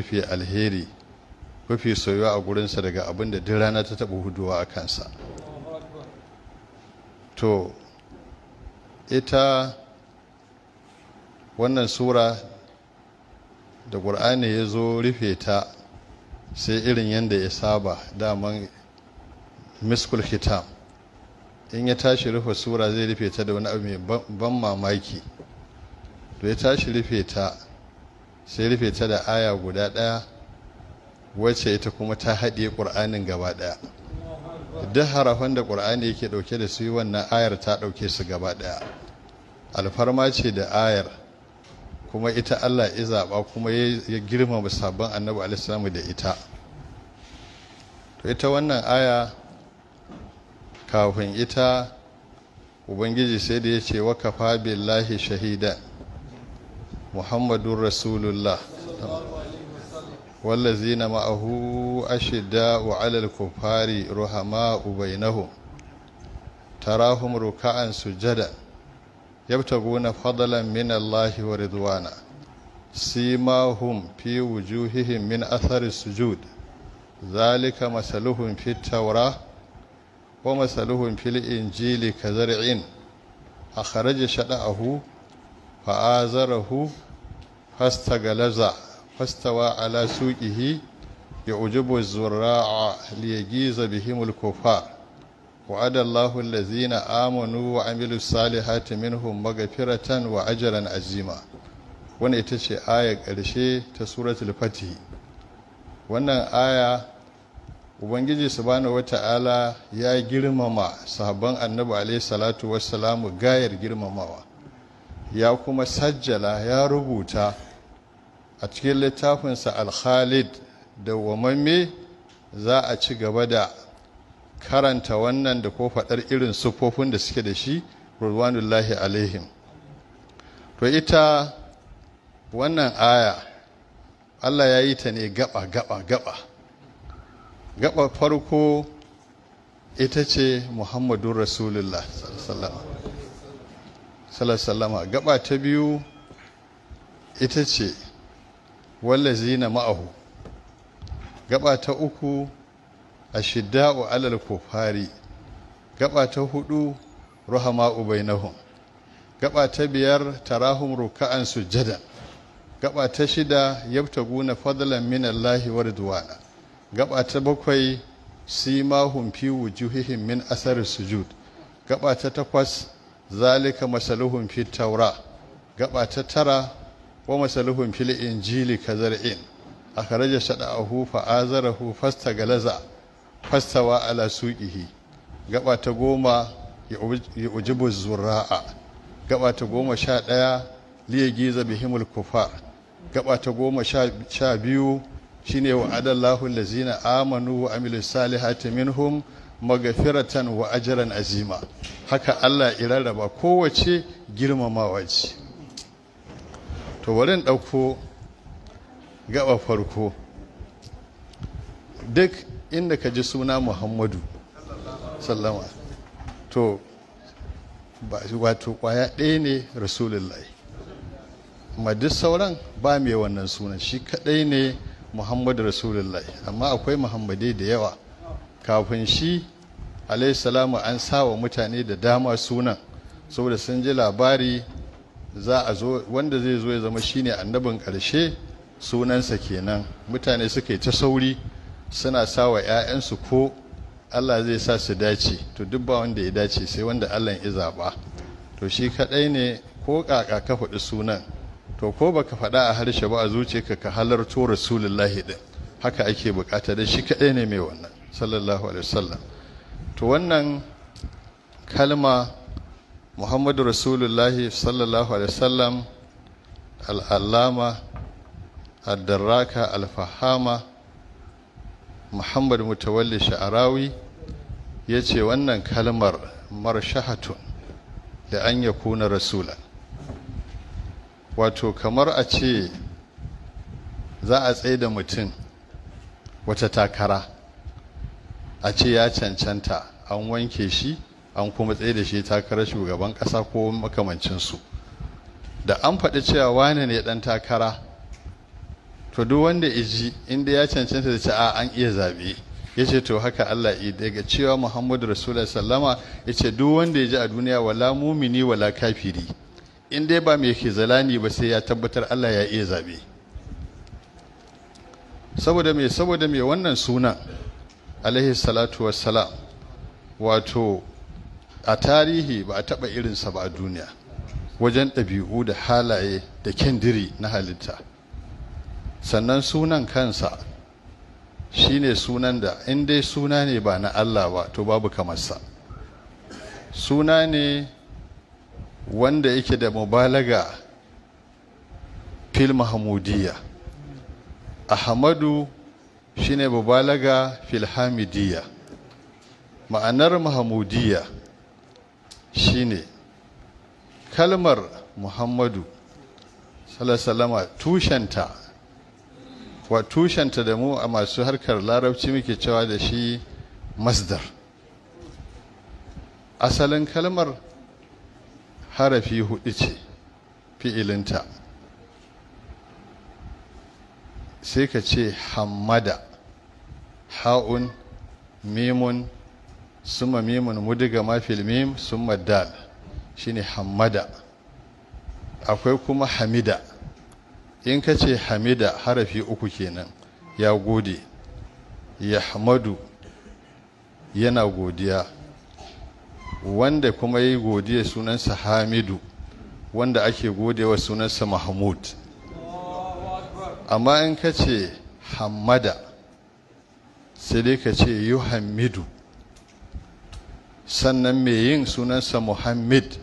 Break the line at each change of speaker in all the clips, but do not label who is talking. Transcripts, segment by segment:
mafi alheri mafi soyuwa a gurinsa daga abin da duk rana ta taɓa huduwa a kansa to ita wannan sura da ƙur'ani ya zo rufe ta sai irin yadda ya saba daman miskul hitam in ya tashi rufe sura zai rufe ta da wani abu mai ban mamaki to ya tashi rufe ta sai rufe ta da aya guda ɗaya wacce ita kuma ta haɗe ƙur'anin gaba ɗaya duk harafan da ƙur'ani yake ɗauke da su wannan ayar ta ɗauke su gaba ɗaya alfarma ce da ayar kuma ita allah ya zaɓa kuma ya girmama sabon annabi alisalamu da ita to ita wannan aya kafin ita ubangiji sai da ya ce wa kafa billahi shahida Muhammadu rasulullah wallazina ma'ahu ashidda wa alal kufari ruhama ubainahu tarahum ruka'an sujada yabtaguna fadlan min Allah wa ridwana simahum fi wujuhihim min athari sujud zalika masaluhum fit tawrah ومثلهم في الإنجيل كزرع أخرج شطأه fa'azarahu fastagalaza fastawa ala suqihi يعجب الزراع ليجيز بهم الكفار وعد الله الذين آمنوا وعملوا الصالحات منهم مغفرة وأجرا azima. wannan ita ce aya ƙarshe ta suratul fatih wannan aya ubangiji subhanahu wata'ala ya girmama sahabban annabi alayhi salatu wassalamu gayar girmamawa ya kuma sajjala ya rubuta a cikin littafinsa alkhalid da wamamme za a ci gaba da karanta wannan da ko faɗar irin sufofin da suke da shi rulwanullahi alaihim to ita wannan aya allah ya yi ta ne gaba gaba gaba gaba farko ita ce muhammadun rasulullah sallallahu sallama gaba ta biyu ita ce zina ma'ahu gaba ta uku wa alal kufari gaba ta hudu rahama'u bainahum gaba ta biyar tarahum ruka'an sujjada gaba ta shida yabtaguna fadlan min allahi wa ridwana gaba ta bakwai simahum fi wujuhihim min asari sujud gaba ta takwas zalika masaluhun fi taura gaba ta tara wa masaluhun fil injili kazar'in aka raja shada'ahu fa azarahu fasta galaza fastawa ala suqihi gaba ta goma ya ujibu zura'a gaba ta goma sha ɗaya liya giza bihimul kufar gaba ta goma sha biyu shine wa adallahu lazina amanu wa amilu salihati minhum magafiratan wa ajiran azima haka Allah ya rarraba kowace girmamawa ce to warin ɗauko gaba farko duk inda ka ji suna muhammadu sallama to wato kwaya ɗaya ne rasulullahi amma duk sauran ba mai wannan sunan shi kaɗai ne muhammadu rasulullahi amma akwai muhammadai da yawa kafin shi salamu an sawa mutane da dama sunan saboda sun ji labari za a zo wanda zai zo ya zama shine annabin ƙarshe sunansa kenan mutane suka yi ta sauri suna sawa 'ya'yansu ko Allah zai sa su dace to duk ba wanda ya dace sai wanda Allah ya zaɓa to shi kaɗai ne ko ƙaƙa ka faɗi sunan to ko baka faɗa a harshe ba a zuce ka halarto rasulullahi din haka ake bukata da shi kaɗai ne mai wannan sallallahu alaihi wasallam to wannan kalma muhammadu rasulullahi sallallahu alaihi wasallam al'allama addarraka alfahama muhammadu mutawalli sha'arawi ya ce wannan kalmar marshahatun da an ya kuna rasula wato kamar a ce za a tsaye da mutum wata takara a ce ya cancanta an wanke shi an kuma tsaye da shi takarar shugaban kasa ko makamancinsu da an faɗi cewa wane ne ɗan takara to duk wanda iji inda ya cancanta da ce a an iya zaɓe ya ce to haka Allah yi daga cewa Muhammadu Rasulullah sallama ya ce duk wanda ya ji a duniya wala mumini wala kafiri in dai ba mai zalani ba sai ya tabbatar Allah ya iya zaɓe saboda mai saboda mai wannan sunan alaihi salatu wato a tarihi ba a taɓa irinsa ba a duniya wajen ɗabi'u da halaye da kendiri na halitta sannan sunan kansa shine sunan da in dai suna ne ba na Allah ba to babu kamarsa suna ne wanda yake da mubalaga fil mahamudiyya ahmadu shine mubalaga filhamidiyya ma'anar mahamudiyya shine kalmar muhammadu salasalama tushenta wa tushenta da mu a masu harkar larabci muke cewa da shi masdar asalin kalmar harafi hudu ce fi'ilinta sai ka ce Hamada. ha'un mimun summa mimun mudiga ma fil mim summa dal shine hamada akwai kuma hamida in ka ce hamida harafi uku kenan ya gode ya yana godiya wanda kuma yi godiya sunansa hamidu wanda ake godewa sunansa mahmud amma in ka ce hamada sai dai ka ce yuhammidu sannan mai yin sunansa muhammad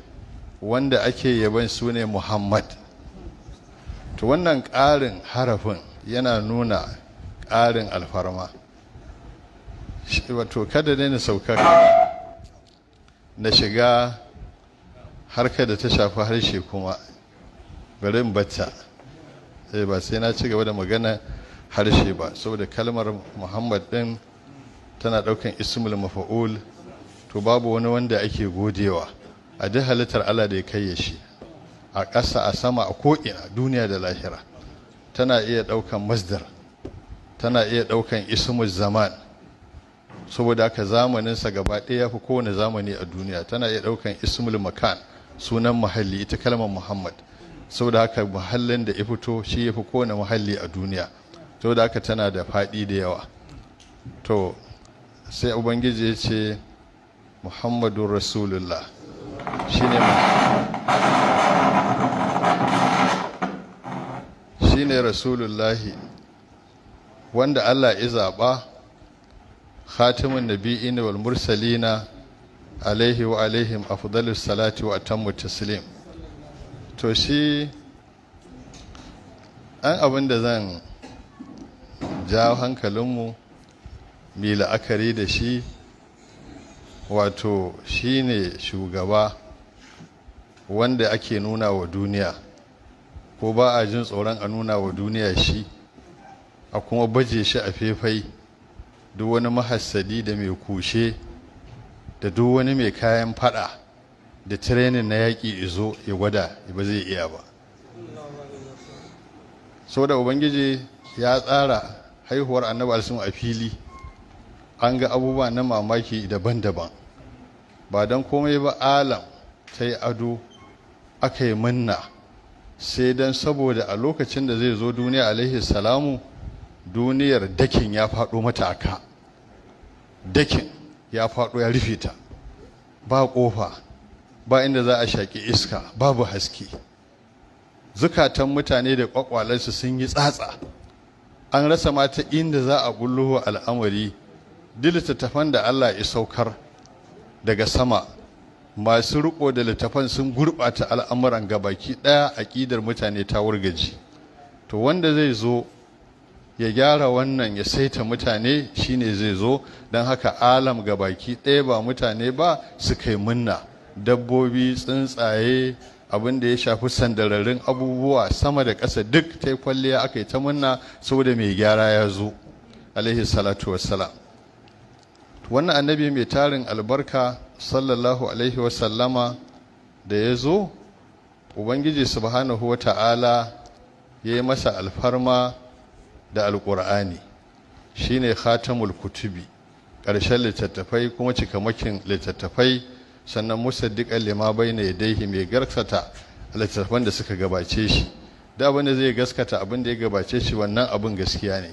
wanda ake yaban sune muhammad to wannan ƙarin harafin yana nuna ƙarin alfarma wato kada ne na sauka na shiga harkar da ta shafi harshe kuma bari in bata eh, ba sai na ci gaba da magana harshe ba saboda kalmar muhammad din tana daukan ismul mafa'ul to babu wani wanda ake godewa a duk halittar Allah da ya kai shi a ƙasa a sama a ko'ina duniya da lahira tana iya ɗaukan masdar tana iya ɗaukan ismul zaman saboda haka zamaninsa gaba ɗaya fi kowane zamani a duniya tana iya ɗaukan ismul makan sunan muhalli ita kalmar muhammad saboda haka muhallin da ya fito shi ya fi kowane muhalli a duniya to da aka tana da faɗi da yawa to sai ubangiji ya ce Muhammadu rasulullah shi ne rasulullahi wanda allah ya zaɓa khatimin nabi'in wal mursalina alaihi wa alaihim afdalus salati wa atammu taslim to shi an abin da zan jawo hankalinmu mai la'akari da shi wato shi ne shugaba wanda ake nuna wa duniya ko ba a jin tsoron a nuna wa duniya shi a kuma baje shi a faifai duk wani mahassadi da mai kushe da duk wani mai kayan fada da tirenin na yaƙi izo ya gwada ba zai iya ba sau da ubangiji ya tsara haihuwar annabi alisun a fili an ga abubuwa na mamaki daban-daban ba don komai ba alam ta yi ado aka yi manna sai don saboda a lokacin da zai zo duniya alaihi salamu duniyar dakin ya faɗo mata dakin ya faɗo ya rufe ta ba ƙofa ba inda za a shaƙi iska babu haske zukatan mutane da ƙwaƙwalarsu sun yi tsatsa an rasa mata inda za a bulluhu al'amari duk littattafan da Allah ya saukar daga sama masu riko da littattafan sun gurɓata al'amuran gabaki ɗaya aƙidar mutane ta wurgaji to wanda zai zo ya gyara wannan ya saita mutane shine zai zo don haka alam gabaki ɗaya ba mutane ba su kai munna dabbobi tsuntsaye abin da ya shafi sandararin abubuwa sama da ƙasa duk ta kwalliya aka yi ta munna saboda mai gyara ya zo alaihi salatu wassalam wannan annabi mai tarin albarka sallallahu alaihi wasallama da ya zo ubangiji subhanahu wa ta'ala ya yi masa alfarma da alƙur'ani shine khatamul kutubi ƙarshen littattafai kuma cikamakin littattafai sannan Musa musaddiqan na bayna dai mai garkata littattafan da suka gabace shi da abin da zai gaskata abin da ya gabace shi wannan abin gaskiya ne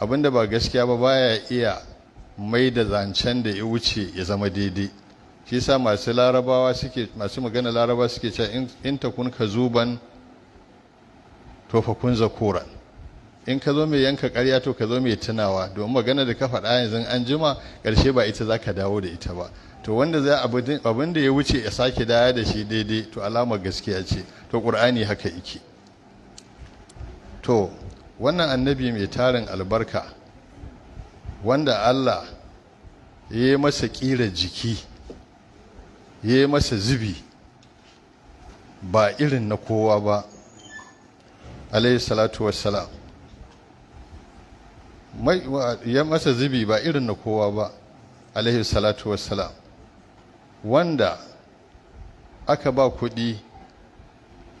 abin da ba gaskiya ba baya iya mai da zancen da ya wuce ya zama daidai shi sa masu larabawa suke masu magana laraba suke cewa in ta kun ka zuban to fa kun in ka zo mai yanka karya to ka zo mai tunawa domin magana da ka faɗa yanzu an jima ƙarshe ba ita za ka dawo da ita ba to wanda zai abin da ya wuce ya sake daya da shi daidai to alamar gaskiya ce to ƙur'ani haka yake to wannan annabi mai tarin albarka wanda allah ya yi masa ƙira jiki ya yi masa zubi ba irin na kowa ba alayhi salatu wassalam ya masa zubi ba irin na kowa ba alaihi salatu wassalam wanda aka ba kuɗi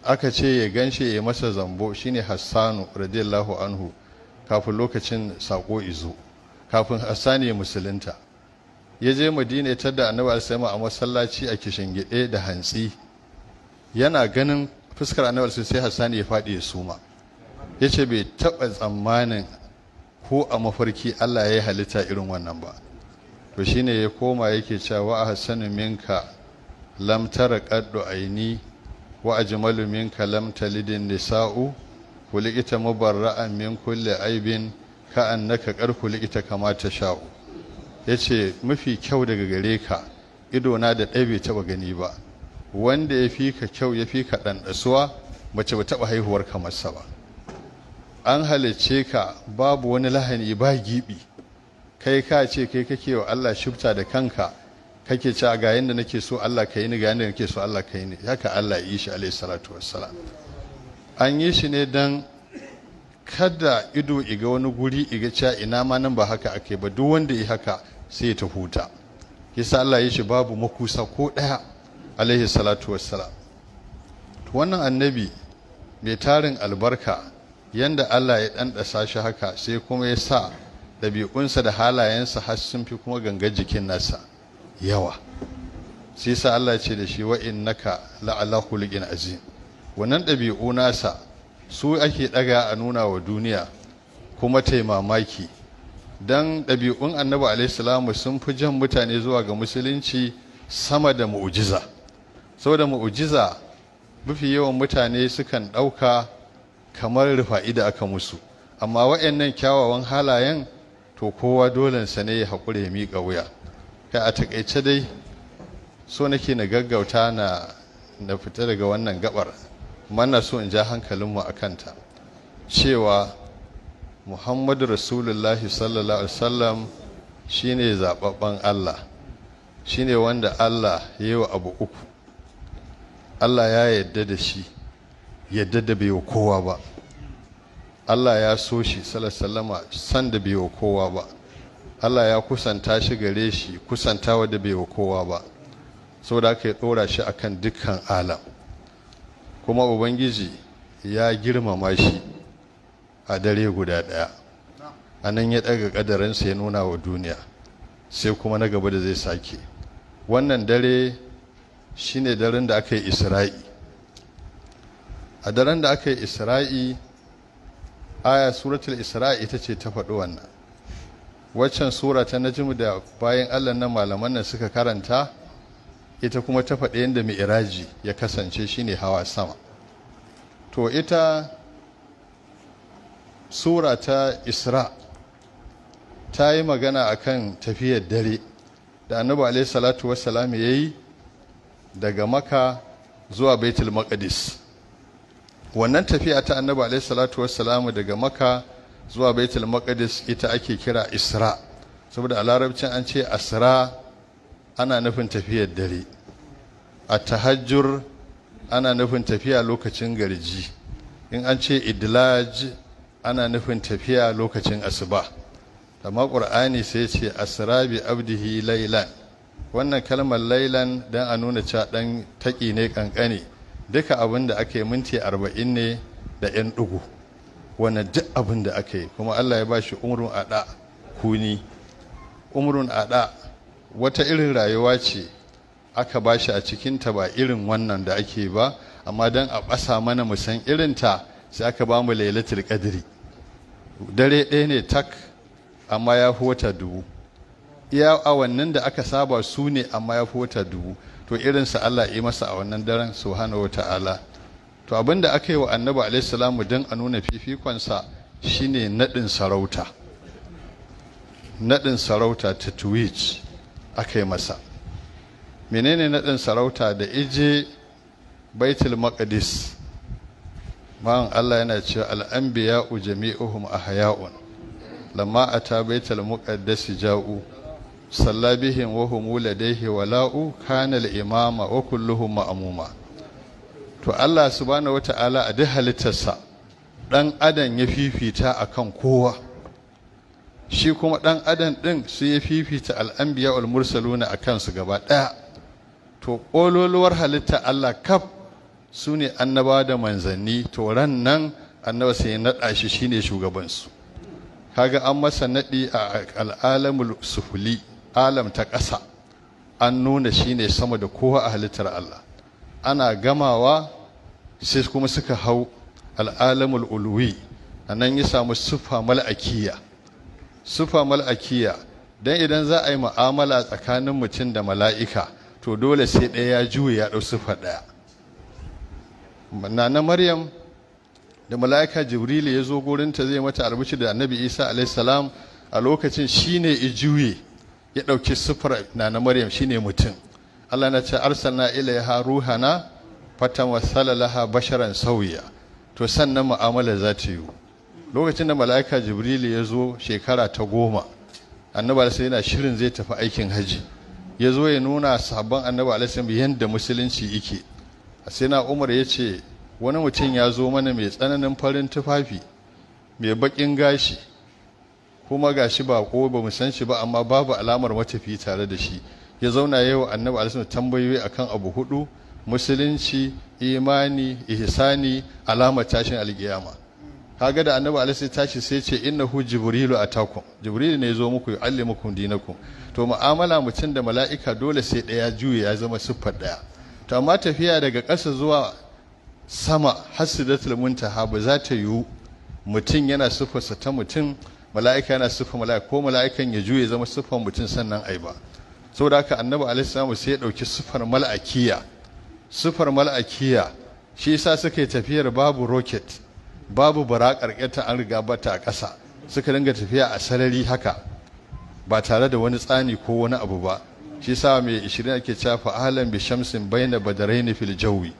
aka ce ya ganshe ya masa zambo shine hassanu radiyallahu anhu kafin lokacin sako izo kafin hassani ya musulunta ya je madina ya tadda annabi alaihi a masallaci a kishingide da hantsi yana ganin fuskar annabi sai hassani ya faɗi ya suma ya ce bai taɓa tsammanin ko a mafarki allah ya yi halitta irin wannan ba to shine ya koma yake cewa a hasanu minka lam tara qaddu aini wa ajmalu minka lam talidin nisa'u kulikita mubarra'an min kulli aibin ka annaka kar kulikita kama ta sha'u yace mafi kyau daga gare ka ido na da ɗaya bai taba gani ba wanda ya fi ka kyau ya fi ka ɗanɗasuwa mace ba taɓa haihuwar kamarsa ba an halicce ka babu wani lahani ba giɓi kai ka ce kai kake wa Allah shubta da kanka kake cewa ga yanda nake so Allah ka yi ni ga yanda nake so Allah ka yi ni haka Allah yi shi alaihi salatu wassalam an yi shi ne dan kada ido iga wani guri iga cha ina ma nan ba haka ake ba duk wanda yi haka sai ta huta yasa Allah ya shi babu makusa ko daya alaihi salatu wassalam to wannan annabi mai tarin albarka yanda Allah ya ɗanɗasa shi haka sai kuma ya sa ɗabi'unsa da halayensa har sun fi kuma ganga jikin nasa yawa sai sa Allah ce da shi wa naka la'ala khuluqin azim wannan ɗabi'u nasa su ake ɗaga a nuna wa duniya kuma taimamaki mamaki don ɗabi'un annabi alaihissalamu sun fi jan mutane zuwa ga musulunci sama da mu'ujiza Sau da mu'ujiza mafi yawan mutane sukan ɗauka kamar rufa'i da aka musu amma waɗannan kyawawan halayen to kowa dolensa ne ya haƙura ya miƙa wuya kai a taƙaice dai so nake na gaggauta na fita daga wannan gabar mana so in ja hankalinmu a kanta cewa muhammadu rasulullahi sallallahu alaihi wasallam shine zababben allah shine wanda allah ya yi wa abu uku allah ya yadda da shi yadda da bai wa kowa ba Allah ya so shi salasalama san da bai wa kowa ba Allah ya kusanta shi gare shi kusanta da bai wa kowa ba Sau da aka yi ɗora shi akan dukkan alam kuma ubangiji ya girmama shi a dare guda ɗaya a nan ya ɗaga ƙadarinsa ya nuna wa duniya sai kuma na gaba da zai sake wannan dare shine daren da aka yi isra'i a daren da aka yi isra'i aya suratul isra ita ce ta faɗi wannan waccan sura ta jimu da bayan allah na malaman nan suka karanta ita kuma ta faɗi yadda iraji ya kasance shine hawa sama to ita surata isra ta yi magana kan tafiyar dare da annabu alaihi salatu wassalam ya yi daga maka zuwa baitul maqdis wannan tafiya ta annabi alaihi salatu wassalamu daga maka zuwa baitul maqdis ita ake kira isra saboda a larabcin an ce asra ana nufin tafiyar dare a tahajjur ana nufin tafiya lokacin garji in an ce idlaj ana nufin tafiya lokacin asuba amma ƙur'ani sai ce asra bi abdihi laylan wannan kalmar laylan dan a nuna ca ɗan taƙi ne kankane duka abin da aka yi minti arba'in ne da 'yan ɗugu wani duk abin da aka yi kuma allah ya ba shi umrun aɗa kuni umrun aɗa wata irin rayuwa ce aka ba shi a cikinta ba irin wannan da ake ba amma don a ɓasa mana musan irinta sai aka ba mu lailatul ƙadiri dare ɗaya ne tak amma ya fi wata dubu iya awannin da aka saba su ne amma ya fi wata dubu to irinsa Allah yi masa a wannan daren subhanahu wa ta'ala to abinda aka yi wa annabi alaihi don a nuna fifikonsa shine naɗin sarauta naɗin sarauta ta tuwit aka yi masa menene naɗin sarauta da ije baitul maqdis ma'an Allah yana cewa al'anbiya'u jami'uhum haya'un lamma ata baitul maqdis ja'u صلى بهم وهم لديه kanal imama wa kulluhu ma'amuma. to Allah subhanahu wata'ala a duk halittarsa ɗan adam ya fifita a kan kowa shi kuma ɗan adam ɗin su ya fifita al'ambiya ulmursaluna a kansu gaba ɗaya to ƙololuwar halitta Allah kaf su ne annaba da manzanni to ran nan annaba sai ya naɗa shi shine Ka kaga an masa naɗi a al'alamul sufuli alam ta ƙasa an nuna shi ne sama da kowa a halittar Allah ana gamawa sai kuma suka hau al'alamul ulwi a nan ya samu sufa mal'akiya sufa mal'akiya don idan za a yi mu'amala tsakanin mutum da mala'ika to dole sai ɗaya ya juya ya ɗau sufa ɗaya na maryam da mala'ika jibrilu ya zo gurinta zai mata albushi da annabi isa a lokacin shine ijuye ya ɗauki sufura na na maryam shine mutum Allah na ce arsalna ilaiha ruhana fatan wasala basharan sauya to sannan mu'amala za ta yi lokacin da mala'ika jibrilu ya zo shekara ta goma annabi alaihi yana shirin zai tafi aikin haji ya zo ya nuna sabon annabi alaihi yadda musulunci yake sai na umar ya ce wani mutum ya zo mana mai tsananin farin tufafi mai baƙin gashi kuma ga shi ba ko ba mu san shi ba amma babu alamar matafi tare da shi ya zauna yau annabi alaihi tambayoyi akan abu hudu musulunci imani ihsani alamar tashin alkiyama kaga da annabi alaihi tashi sai ce innahu jibrilu atakum jibrilu ne zo muku yu'allimukum dinakum to mu'amala mutum da mala'ika dole sai daya juya ya zama siffar daya to amma tafiya daga ƙasa zuwa sama hasidatul muntaha ba za ta yiwu mutum yana siffarsa ta mutum mala'ika yana siffa mala'ika ko mala'ikan ya juye zama siffar mutum sannan ai ba saboda haka annabi alaihi salamu sai ya dauki siffar mala'akiya siffar mala'akiya shi yasa suka yi tafiyar babu rocket babu barakar ƙeta an riga bata a ƙasa suka dinga tafiya a sarari haka ba tare da wani tsani ko wani abu ba shi yasa mai 20 ake cafa alam bi shamsin bayna badaraini fil jawi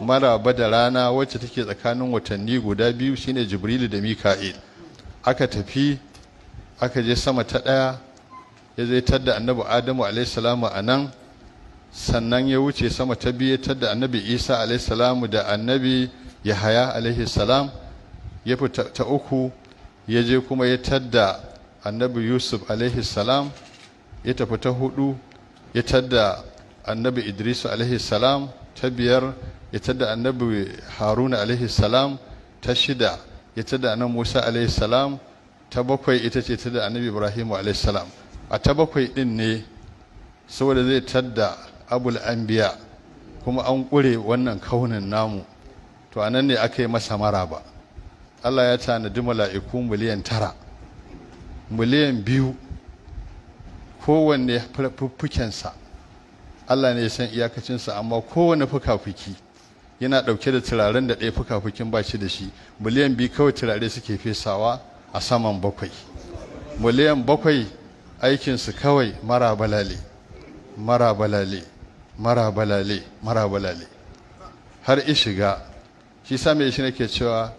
maraba da rana wacce take tsakanin watanni guda biyu shine jibrilu da mika'il aka tafi aka je sama ta ɗaya ya zai tadda annabi adamu alaihissalamu a nan sannan ya wuce sama ta biyu ya tadda annabi isa alaihissalamu da annabi yahaya alaihissalam ya fita ta uku ya je kuma ya tadda annabi yusuf alaihissalam ya tafi ta hudu ya tadda annabi idrisu alaihissalam ta biyar ya tadda annabi haruna alaihissalam ta shida ita da annabi Musa alaihi salam ta bakwai ita ce ta da annabi Ibrahim alaihi salam a ta bakwai din ne saboda zai tadda abul anbiya kuma an ƙure wannan kaunin namu to anan ne aka yi masa maraba Allah ya tanadi mala'iku miliyan tara miliyan biyu kowanne fuffukensa Allah ne ya san iyakacinsa amma kowanne fuka-fuki yana ɗauke da turaren da ɗaya fukafukin ba shi da shi miliyan biyu kawai turare suke fesawa a saman bakwai miliyan bakwai aikinsu kawai mara balale mara balale mara balale mara balale har ishiga shi sa mai shi nake cewa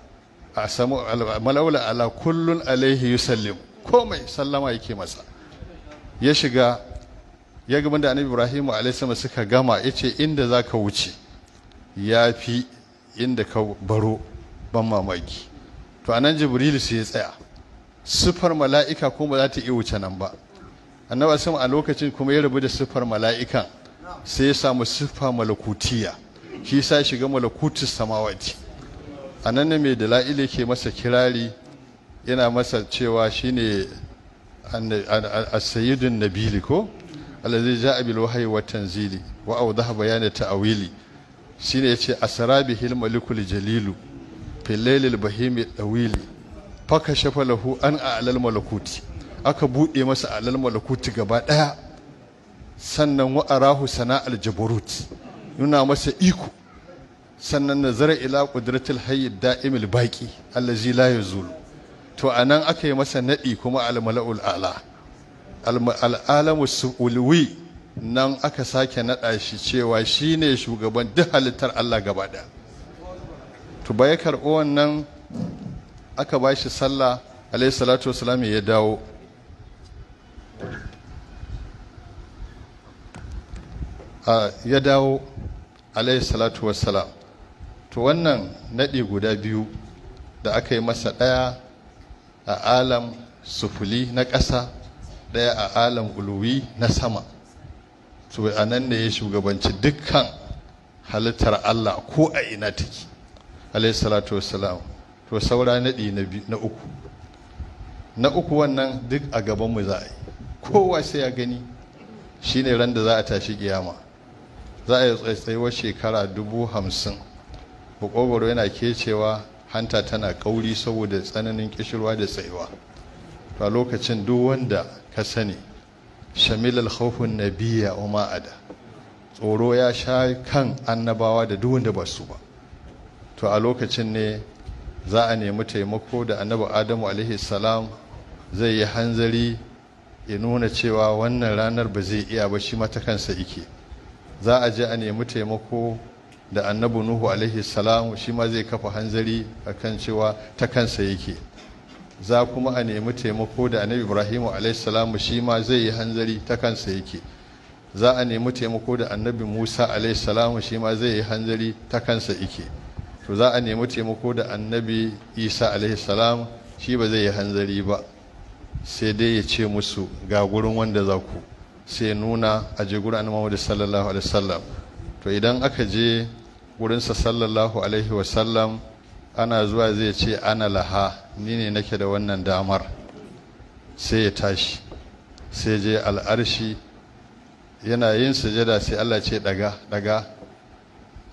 a samu malaula ala kullun alaihi yusallim komai sallama yake masa ya shiga ya gaban da annabi ibrahimu alaihi suka gama yace inda zaka wuce ya fi inda ka baro ban mamaki to anan Jibril sai ya tsaya siffar mala'ika ko ba za ta iya wuce nan ba annabi sama a lokacin kuma ya rabu da sifar mala'ika sai ya samu sufa malakutiya shi sa shiga malakutus samawati anan ne mai dala'il yake masa kirari yana masa cewa shine as-sayyidun nabili ko allazi ja'a bil wahyi wa tanzili wa awdaha bayana ta'wili shine yace asrabihil malikul jalilu filailil bahimi dawili faka shafa lahu an a'lal malakuti aka buɗe masa a'lal malakuti gaba ɗaya. sannan wa arahu sana'al jabarut nuna masa iko sannan nazara ila qudratil hayyid da'imil baqi allazi la yazulu to anan aka yi masa nadi kuma al mala'ul a'la al alamu sulwi nan aka sake naɗa shi cewa shi ne shugaban duk halittar Allah gaba ɗaya ba ya wannan aka ba shi sallah salatu ya dawo ya dawo salatu wasalam to wannan naɗi guda biyu da aka yi masa ɗaya a alam sufuli na ƙasa ɗaya a alam uluwi na sama to a nan ne ya shugabanci dukkan halittar Allah ko a ina take alayhi salatu wassalam to saura ɗi na uku na uku wannan duk a gaban mu za a yi kowa sai ya gani shine ran da za a tashi kiyama za a yi tsaitsaiwar shekara dubu hamsin bukogoro yana kecewa hanta tana kauri saboda tsananin kishirwa da tsayuwa a lokacin duk wanda ka sani shamil alkhawfun nabiyya wa ma'ada tsoro ya sha kan annabawa da duk wanda ba su ba to a lokacin ne za a nemi taimako da annabi adamu alaihi salam zai yi hanzari ya nuna cewa wannan ranar ba zai iya ba shi mata kansa ike za a je a nemi taimako da annabi nuhu alaihi salam shi ma zai kafa hanzari akan cewa ta kansa yake za kuma a nemi taimako da annabi ibrahimu alaihissalam shi ma zai yi hanzari ta kansa yake za a nemi taimako da annabi musa alaihissalam shi ma zai yi hanzari ta kansa yake to za a nemi taimako da annabi isa alaihissalam shi ba zai yi hanzari ba sai dai ya ce musu ga gurin wanda za ku sai nuna a je gurin annabi sallallahu alaihi wasallam to idan aka je gurinsa sallallahu alaihi wasallam ana zuwa zai ce ana laha ni ne nake da wannan damar sai ya tashi sai je al'arshi yana yin sujada sai Allah ce daga daga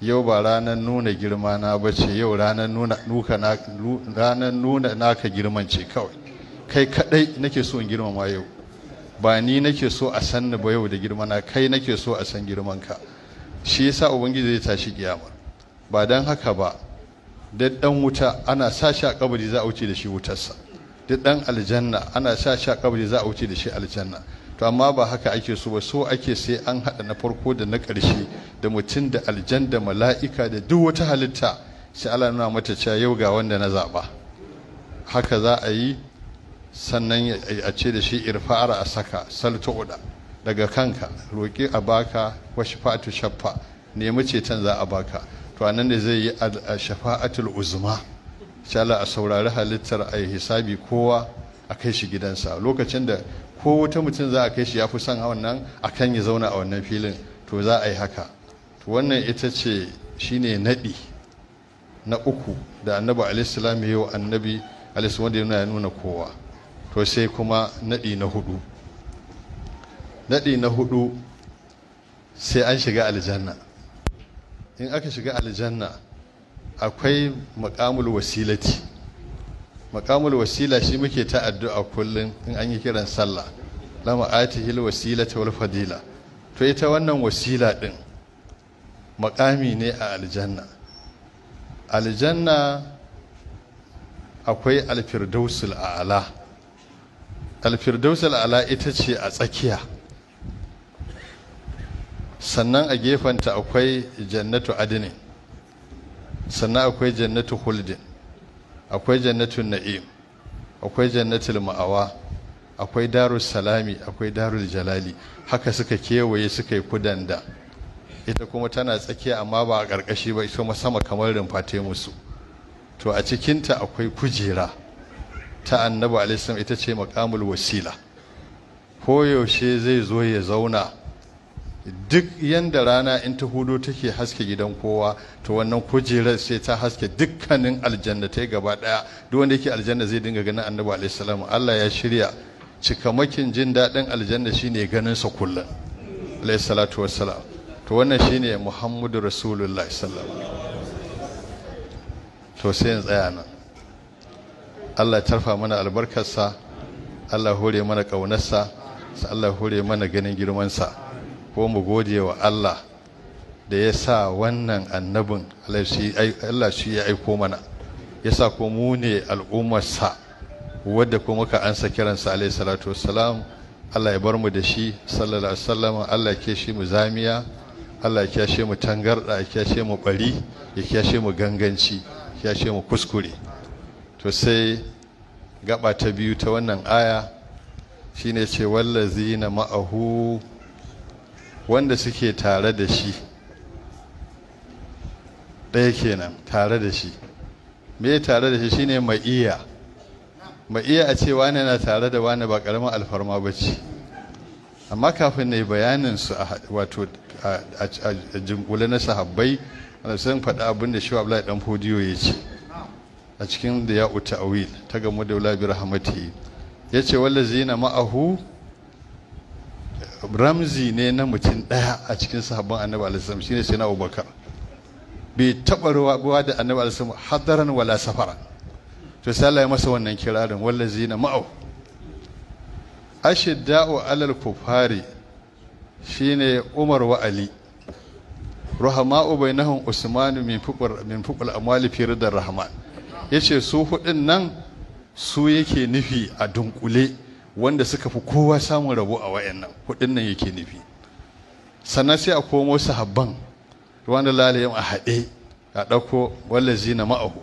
yau ba ranar nuna girma na ba ce yau ranar nuna nuna naka girmance kawai kai kadai nake so in girmama yau ba ni nake so a san ba yau da girma na kai nake so a san girman ka shi yasa ubangiji zai tashi kiyama ba dan haka ba da dan wuta ana sa shi a kabari za a wuce da shi wutarsa da dan aljanna ana sa shi a kabari za a wuce da shi aljanna to amma ba haka ake so ba so ake sai an hada na farko da na ƙarshe da mutum da aljan da mala'ika da duk wata halitta sai Allah nuna mata cewa yau ga wanda na zaba haka za a yi sannan a ce da shi irfa'ara a saka saltu'uda daga kanka roƙi a baka washi fatu shaffa nemi ceton za a baka kwanan da zai yi a shafa'atul uzma shala a saurari halittar a hisabi kowa a kai shi gidansa lokacin da ko wata mutum za a kai shi ya fi son hawan nan a kan ya zauna a wannan filin to za a yi haka to wannan ita ce shi ne naɗi na uku da annabi alisalam ya wa annabi alisalam wanda yana nuna kowa to sai kuma naɗi na hudu naɗi na hudu sai an shiga aljanna in aka shiga aljanna akwai makamul wasilati makamul wasila shi muke ta addu'a kullum in an yi kiran sallah lama atihil wasilata wal fadila to ita wannan wasila din makami ne a aljanna aljanna akwai alfirdausul a'ala alfirdausul ala ita ce a tsakiya sannan a gefenta akwai jannatu adini sannan akwai jannatu huldin akwai jannatu na'im akwai jannatu ma'awa akwai darus salami akwai darul jalali haka suka kewaye suka yi kudanda ita kuma tana tsakiya amma ba a ƙarƙashi ba ita kuma sama kamar rumfate musu to a cikinta akwai kujera ta annabi alaihi ita ce makamul wasila koyaushe zai zo ya zauna duk yadda rana in ta hudu take haske gidan kowa to wannan kujerar sai ta haske dukkanin yi gaba daya duk wanda yake aljanna zai dinga ganin annabi alaihi salam Allah ya shirya cikamakin jin daɗin aljanna shine ganin sa kullun alaihi salatu wassalam to wannan shine Muhammadu Rasulullah sallallahu alaihi to sai in tsaya nan Allah ya tarfa mana albarkarsa Allah hore mana kaunarsa Allah hore mana ganin girmansa ko mu gode wa Allah da ya sa wannan annabin Allah shi ya aiko mana ya sa ko mu ne al'ummarsa wadda ko muka ansa kiransa alaihi salatu wassalam Allah ya bar mu da shi sallallahu alaihi Allah ya kishi mu zamiya Allah ya kiyashe mu tangarda ya kiyashe mu bari ya kiyashe mu ganganci ya kiyashe mu kuskure to sai gaba ta biyu ta wannan aya shine ce wallazina ma'ahu wanda suke tare da shi ɗaya kenan tare da shi me tare da shi shine ma'iya ma'iya a ce wane na tare da wane ba ƙaramin alfarma ba ce amma kafin na yi bayanin su a wato a jinkula na sahabbai wanda sun faɗi abin da shi dan fodiyo ya ce a cikin da ya uta awil ta gamu da ya ce yace wallazina ma'ahu ramzi ne na mutum ɗaya a cikin sahabban annabi alisam shi ne sayyidina abubakar bai taɓa ruwa da annabi alisam hadaran wala safara to sai Allah ya masa wannan kirarin zina ma'au ashidda'u alal kufari shi ne Umar wa Ali bai bainahum Usman min fuqul min fuqul amwali fi ridar rahman yace su hudin nan su yake nufi a dunkule wanda suka fi kowa samun rabo a wayannan kuɗin nan yake nufi sannan sai a komo sahabban wanda lalayen a haɗe a ɗauko wallazi na ma'ahu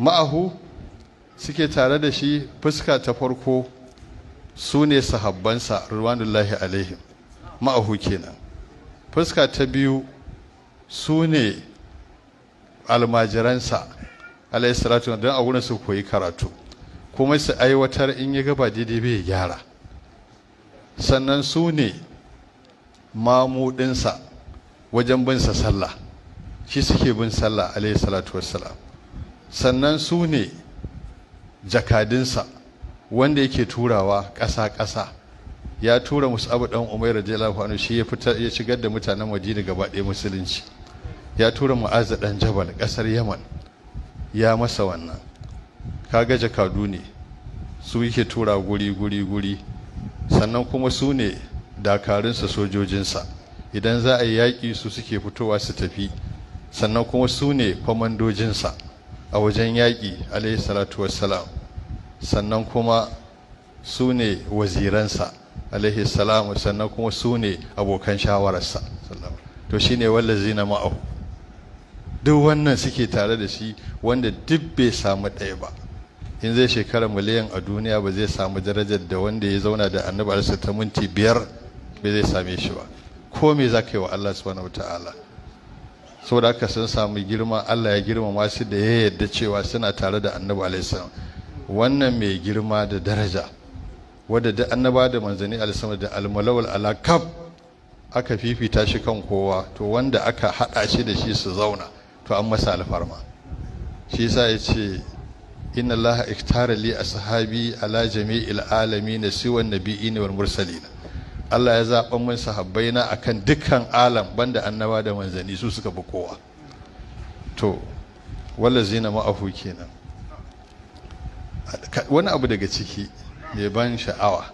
ma'ahu suke tare da shi fuska ta farko su ne sahabbansa ruwanullahi alaihim ma'ahu kenan fuska ta biyu su ne almajiransa alaihi salatu don a wurin su koyi karatu kuma su aiwatar in ya gaba daidai bai gyara sannan su ne mamudinsa wajen bin sa sallah shi suke bin sallah alaihi salatu wassalam sannan su ne jakadinsa wanda yake turawa ƙasa-ƙasa ya tura musu abu ɗan umair radiyallahu anhu shi ya fitar ya shigar da mutanen madina gaba ɗaya musulunci ya tura mu'azza dan jabal ƙasar yaman ya masa wannan kaga jakadu ne su yake tura guri guri guri sannan kuma su ne dakarunsa sojojinsa idan za a yi yaƙi su suke fitowa su tafi sannan kuma su ne kwamandojinsa a wajen yaƙi alayhi salatu wassalam sannan kuma su ne waziransa alaihi sannan kuma su ne abokan shawararsa to shi ne wallazi na ma'au duk wannan suke tare da shi wanda duk bai samu ɗaya ba in zai shekara miliyan a duniya ba zai samu darajar da wanda ya zauna da annabi alisa ta minti biyar ba zai same shi ba ko me za ka yi wa allah subhanahu ta'ala saboda aka sun samu girma allah ya girmama su da ya yarda cewa suna tare da annabi alisa wannan mai girma da daraja wadda da annaba da manzani alisama da almalawal alakab aka fifita shi kan kowa to wanda aka haɗa shi da shi su zauna to an masa alfarma shi sa ya ce إن الله اختار لي أصحابي على جميع العالمين سوى النبيين والمرسلين Allah ya zaɓa mun sahabbaina a kan dukkan alam banda annaba da manzanni su suka fi kowa to wala zina ma'afu wani abu daga ciki mai ban sha'awa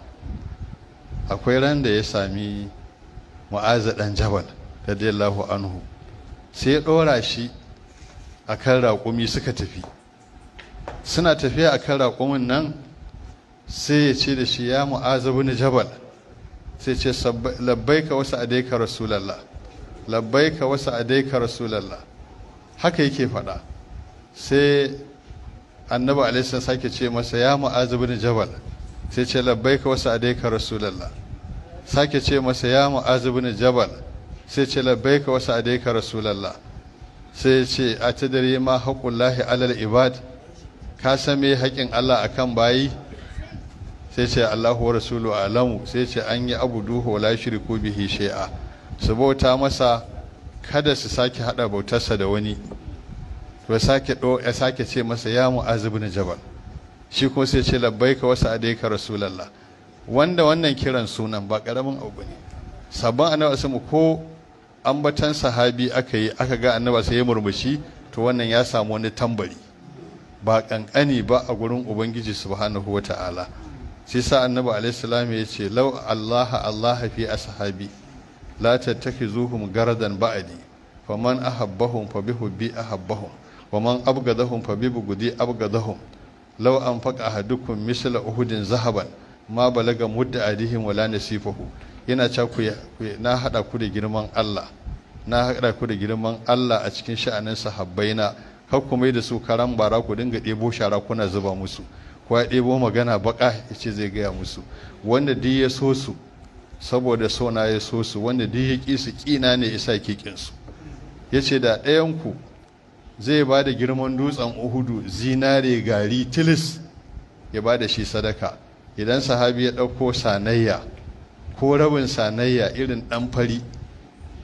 akwai ran da ya sami mu'aza ɗan jabal radiyallahu anhu sai ya ɗora shi a kan raƙumi suka tafi suna tafiya a kan raƙumin nan sai ya ce da shi ya mu'azabu ni jabal sai ce ka wasu adaika rasulallah ka wasu adaika rasulallah haka yake faɗa sai annabi alaihi sake ce masa ya mu'azabu ni jabal sai ce ka wasu adaika rasulallah sake ce masa ya mu'azabu ni jabal sai ce ka wasu adaika rasulallah sai ce a tadari ma haƙullahi alal ibad ka san me haƙin Allah akan bayi sai ce Allahu wa rasulu alamu sai ce an yi abu duhu la ko bihi shi'a su bauta masa kada su sake hada bautarsa da wani to sake ya sake ce masa ya mu'az ibn jabal shi kuma sai ce labbai labbaika wa sa'adaika rasulallah wanda wannan kiran sunan ba ƙaramin abu ne sabon annabi mu ko ambatan sahabi aka yi aka ga annabi sai ya murmushi to wannan ya samu wani tambari ba kankani ba a gurin ubangiji subhanahu wata'ala shi sa annabi alaihi salam ya ce law allaha allaha fi ashabi la tattakhizuhum garadan ba'di faman ahabbahum fa bi bihubbi ahabbahum waman abgadahum fa bi bibugudi abgadahum law anfaqa ahadukum misla uhudin zahaban ma balaga mudda adihim wala nasifahu yana ku na hada ku da girman Allah na hada ku da girman Allah a cikin sha'anin sahabbaina har kuma da su karan bara ku dinga ɗebo shara kuna zuba musu ko ya ɗebo magana baka ya ce zai gaya musu wanda duk ya so su saboda so na ya so su wanda duk ya ƙi su ƙina ne isa kikin su ya ce da ɗayanku zai ba da girman dutsen uhudu zinare gari tilis ya ba da shi sadaka idan sahabi ya ɗauko sanayya ko rabin sanayya irin ɗan fari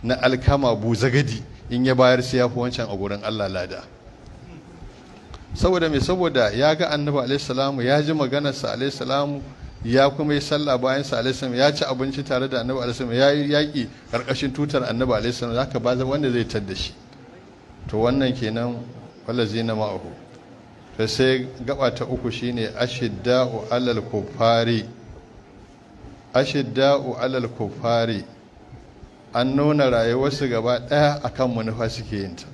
na alkama buzagadi in ya bayar sai ya wancan a gurin allah lada saboda mai saboda ya ga annabi alaihi ya ji maganarsa alaihi ya kuma yi sallah bayan sa alaihi ya ci abinci tare da annabi alaihi ya yi yaƙi ƙarƙashin tutar annabi alaihi salam zaka ba wanda zai tadda shi to wannan kenan walazina ma'ahu to sai gaba ta uku shine ashidda'u alal kufari ashidda'u alal kufari an nuna rayuwarsu gaba ɗaya akan manufa suke yin ta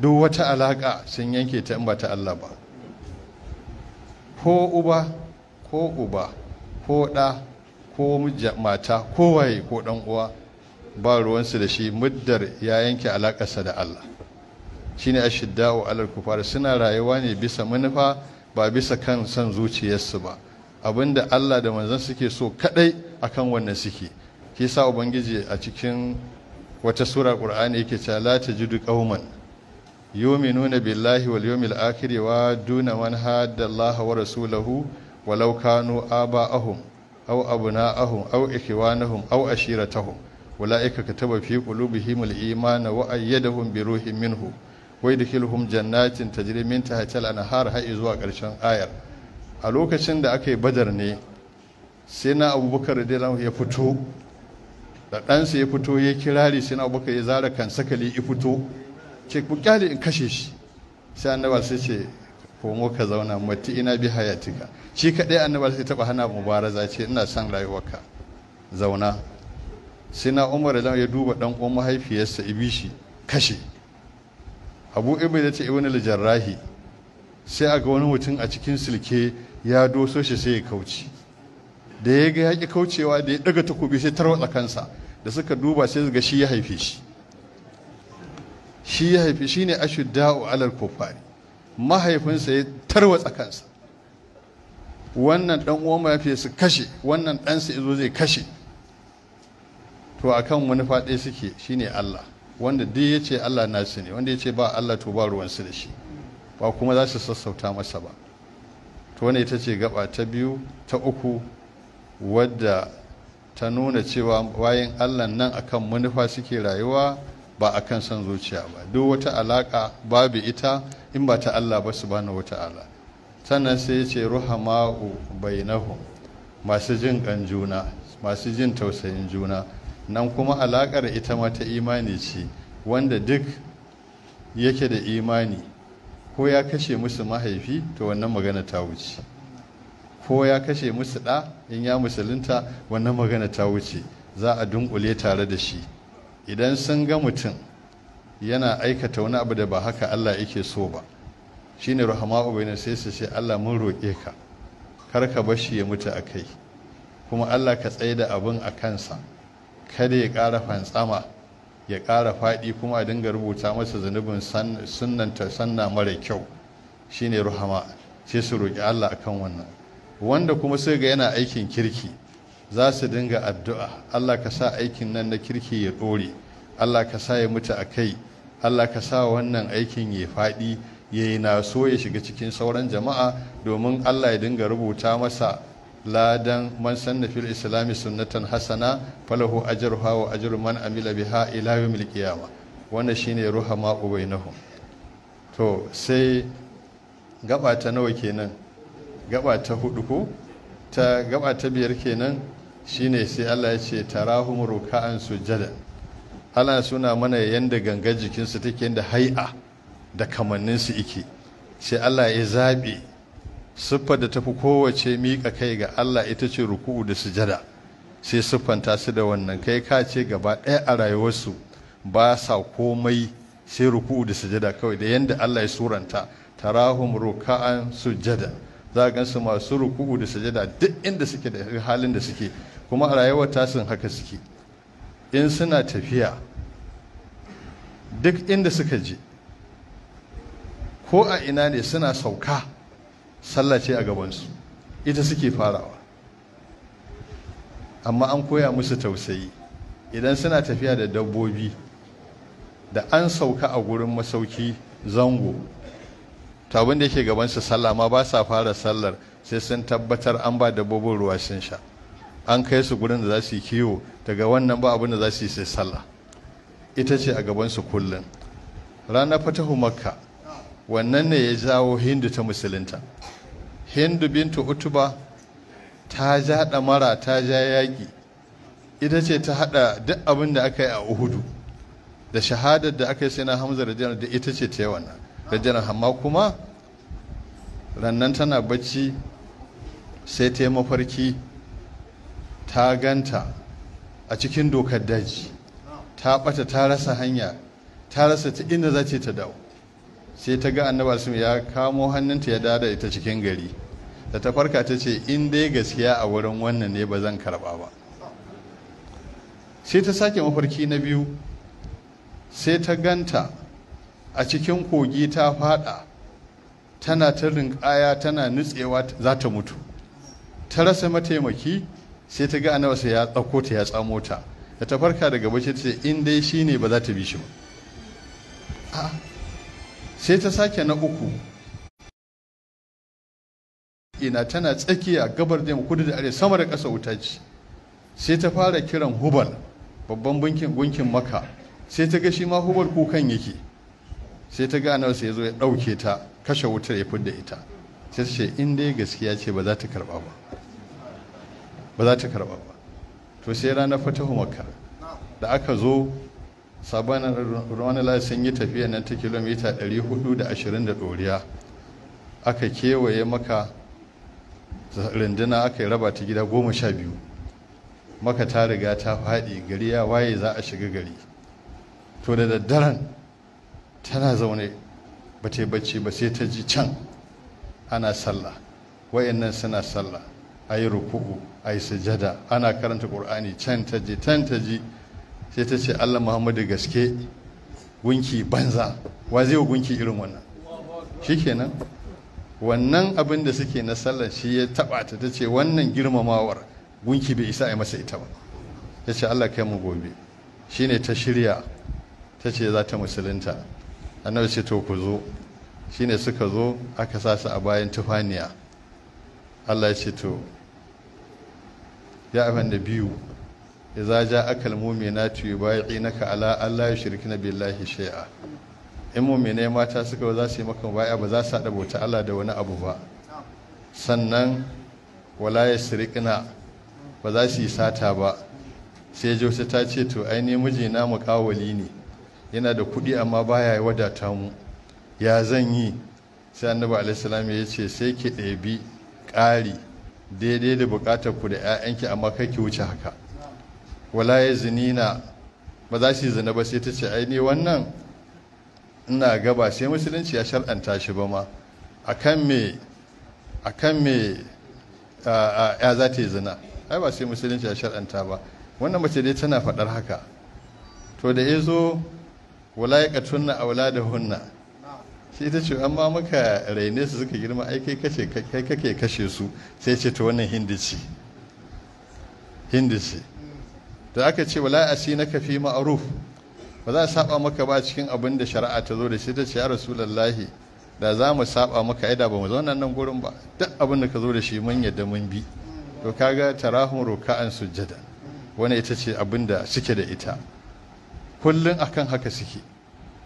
duk wata alaƙa sun yanke ta in ba ta Allah ba ko uba ko uba ko ɗa ko mata ko waye ko ɗan uwa ba ruwansu da shi muddar ya yanke alaƙarsa da Allah Shi shine ashidda'u alal kufar suna rayuwa ne bisa manufa ba bisa kan son zuciyarsu ba abinda Allah da manzan suke so kadai akan wannan suke shi sa ubangiji a cikin wata sura qur'ani yake cewa la tajidu qauman yuminuna billahi wal yawmil akhir wa duna man hadda Allah wa rasulahu walau kanu aba'ahum aw abna'ahum aw ikhwanahum aw ashiratahum ulaika kataba fi qulubihimul imana wa ayyadahum bi ruhin minhu wai da kilhun jannatin ta jiri min tahatal anhar har zuwa ƙarshen ayar a lokacin da aka yi badar ne sai na abubakar da ya fito da ɗansa ya fito ya kirari sai na abubakar ya zara kan sakali ya fito ce ku kyale in kashe shi sai annaba sai ce komo ka zauna mati ina bi hayatika shi kaɗai annaba sai taɓa hana mubaraza ce ina son rayuwarka zauna sai na umar da ya duba ɗan uwan mahaifiyarsa shi kashe abu ibn ya ce ibn na jarrahi sai a ga wani mutum a cikin silke ya doso shi sai ya kauce da ya ga ƙi kaucewa da ya ɗaga takobi sai tarwatsa kansa da suka duba sai ga shi ya haife shi shi ya haifi shine ashudda'u alal kufari mahaifinsa ya tarwatsa kansa wannan dan uwan mafiya su kashe wannan ɗansa zo zai kashe to akan wani faɗe suke shi ne Allah wanda duk ya ce Allah nasu ne wanda ya ce ba Allah to ba ruwansu da shi ba kuma za su sassauta masa ba to wani ita ce gaba ta biyu ta uku wadda ta nuna cewa bayan Allah nan akan manufa suke rayuwa ba a kan son zuciya ba duk wata alaƙa babu ita in ba ta Allah ba subhanahu wata'ala sannan sai ya ce ruhamahu bainahum masu jin kan juna masu jin tausayin juna nan kuma alaƙar ita ma ta imani ce wanda duk yake da imani ko ya kashe musu mahaifi to wannan magana ta wuce ko ya kashe musu ɗa in ya musulunta wannan magana ta wuce za a dunkule tare da shi idan sun ga mutum yana aikata wani abu da ba haka Allah yake so ba shine rahama'u bayna sai su ce Allah mun roƙe ka kar ka bar shi ya mutu a kai kuma Allah ka tsaye da abin a kansa kada ya ƙara fantsama ya ƙara faɗi kuma a dinga rubuta masa zunubin sunanta sanna mara kyau shine rahama sai su roƙi Allah akan wannan wanda kuma sai ga yana aikin kirki za su dinga addu'a Allah ka sa aikin nan na kirki ya ɗore Allah ka sa ya mutu a kai Allah ka sa wannan aikin ya faɗi ya yi na so ya shiga cikin sauran jama'a domin Allah ya dinga rubuta masa ladan man sanna fil islami sunnatan hasana falahu ajruha wa ajru man amila biha ila yawmil qiyama wannan shine ruhama ubainahum to sai gaba ta nawa kenan gaba ta hudu ko ta gaba ta biyar kenan shine sai Allah ya ce tarahum ruka'an sujada ala suna mana yanda ganga jikinsu take da hai'a da kamanninsu ike sai Allah ya zaɓe siffa da tafi kowace miƙa kai ga Allah ita ce ruku'u da sujada sai siffanta su da wannan kai ka ce gaba ɗaya a rayuwarsu ba sa komai sai ruku'u da sujada kawai da yanda Allah ya suranta tarahum ruka'an sujada za a gansu masu ruku'u da sujada duk inda suke da halin da suke kuma a rayuwar tasin haka suke in suna tafiya duk inda suka je ko a ina ne suna sauka sallace a gabansu ita suke farawa amma an koya musu tausayi idan suna tafiya da dabbobi da an sauka a gurin masauki zango to da yake gabansu sallah ma ba sa fara sallar sai sun tabbatar an ba dabbobin ruwa sun sha an kai su gurin da za su yi kiwo daga wannan ba abin da za su yi sai sallah ita ce a gaban su kullum ranar fatahu makka wannan ne ya jawo hindu ta musulunta hindu bintu utuba ta ja mara, ta ja yaƙi ita ce ta hada duk abin da aka yi a uhudu da shahadar da aka yi sai na hamza da janar da ita ce ta yi wannan da janar amma kuma rannan tana bacci sai ta yi mafarki ta ganta a cikin dokar daji ta bata ta rasa hanya ta rasa ta inda za ce ta dawo sai ta ga annabi sun ya kamo hannunta ya dada ita cikin gari da ta farka ta ce in dai gaskiya a wurin wannan ne ba zan karba ba sai ta sake mafarki na biyu sai ta ganta a cikin kogi ta fada tana ta rinkaya tana nutsewa za ta mutu ta rasa mataimaki sai ta ga sai ya ɗauko ta ya tsamo ta da ta farka daga bacci ta ce in dai shi ne ba za ta bi shi ba sai ta sake na uku ina tana tsakiya gabar da kudu da arewa sama da ƙasa wuta ce sai ta fara kiran hubal babban bankin gunkin maka sai ta ga shi ma hubal kukan yake sai ta ga sai ya zo ya ɗauke ta kashe wutar ya fidda ita sai ta ce in dai gaskiya ce ba za ta karɓa ba ba za ta karba ba to sai rana fatahu makka da aka zo sabon ruwan lai sun yi tafiya nan ta kilomita 420 da ɗoriya aka kewaye maka runduna aka yi raba ta gida goma sha biyu maka ta riga ta faɗi gari ya waye za a shiga gari to da daddaren tana zaune ba ta yi bacci ba sai ta ji can ana sallah wayannan suna sallah a yi ruku'u a yi sujada ana karanta ƙur'ani can ta ji can ta ji sai ta ce allah muhammadu gaske gunki banza wa zai gunki irin wannan shikenan wannan abin da suke na sallar shi ya taba ta ta ce wannan girmamawar gunki bai isa a yi masa ita ba Ta ce allah kai mu gobe shine ta shirya ta ce za ta musulunta annabi ce to ku zo shine suka zo aka sa su a bayan tufaniya allah ya ce to ya ayyuhan nabiyyu idza ja'aka almu'minatu yubay'inaka ala shai'a. Yan billahi shay'a in yi mata suka za su yi maka baya ba za su haɗa bauta Allah da wani abu ba sannan wala na. ba za su yi sata ba sai Jose ta ce to ai ne mijina mukawali ne yana da kuɗi amma baya wadata mu ya zan yi sai annabi alaihi salam ya ce sai ki ɗebi ƙari daidai da bukatar ku da 'ya'yanki amma kai ki wuce haka wala ya zinina ba za shi zina ba sai ta ce ai ne wannan ina gaba sai musulunci ya shar'anta shi ba ma akan me akan me ya za ta yi zina ai ba sai musulunci ya shar'anta ba wannan mace dai tana faɗar haka to da ya zo wala ya katunna aula da hunna shi ta ce amma maka raine su suka girma ai kai kake kashe su sai ce ta wannan hindici hindici da aka ce wala na kafi ma'aruf. ba za a saba maka ba cikin abin da shari'a ta zo da shi ta ce ya rasulullahi da za mu saba maka ai da ba mu zauna nan gurin ba duk abin da ka zo da shi mun yadda mun bi to kaga tarahum ruka'an sujjada wani ita ce abin da suke da ita kullun akan haka suke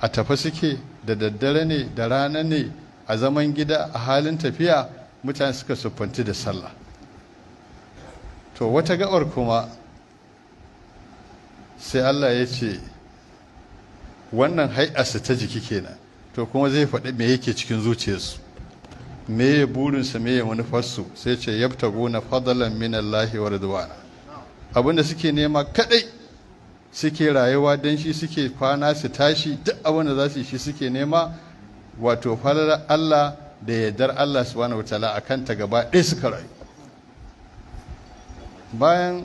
a tafi suke da daddare ne da rana ne a zaman gida a halin tafiya mutane suka siffanti da sallah to wata gabar kuma sai allah ya ce wannan hai'asa ta jiki kenan to kuma zai faɗi me yake cikin zuciyarsu me ya burinsa me ya manufarsu sai ce yabta gona fadalan minan allahi wa ridwana abinda suke nema kadai suke rayuwa don shi suke kwana su tashi duk abin da za su yi shi suke nema wato falar Allah da yardar Allah subhanahu wa ta'ala akan ta gaba ɗaya suka rayu bayan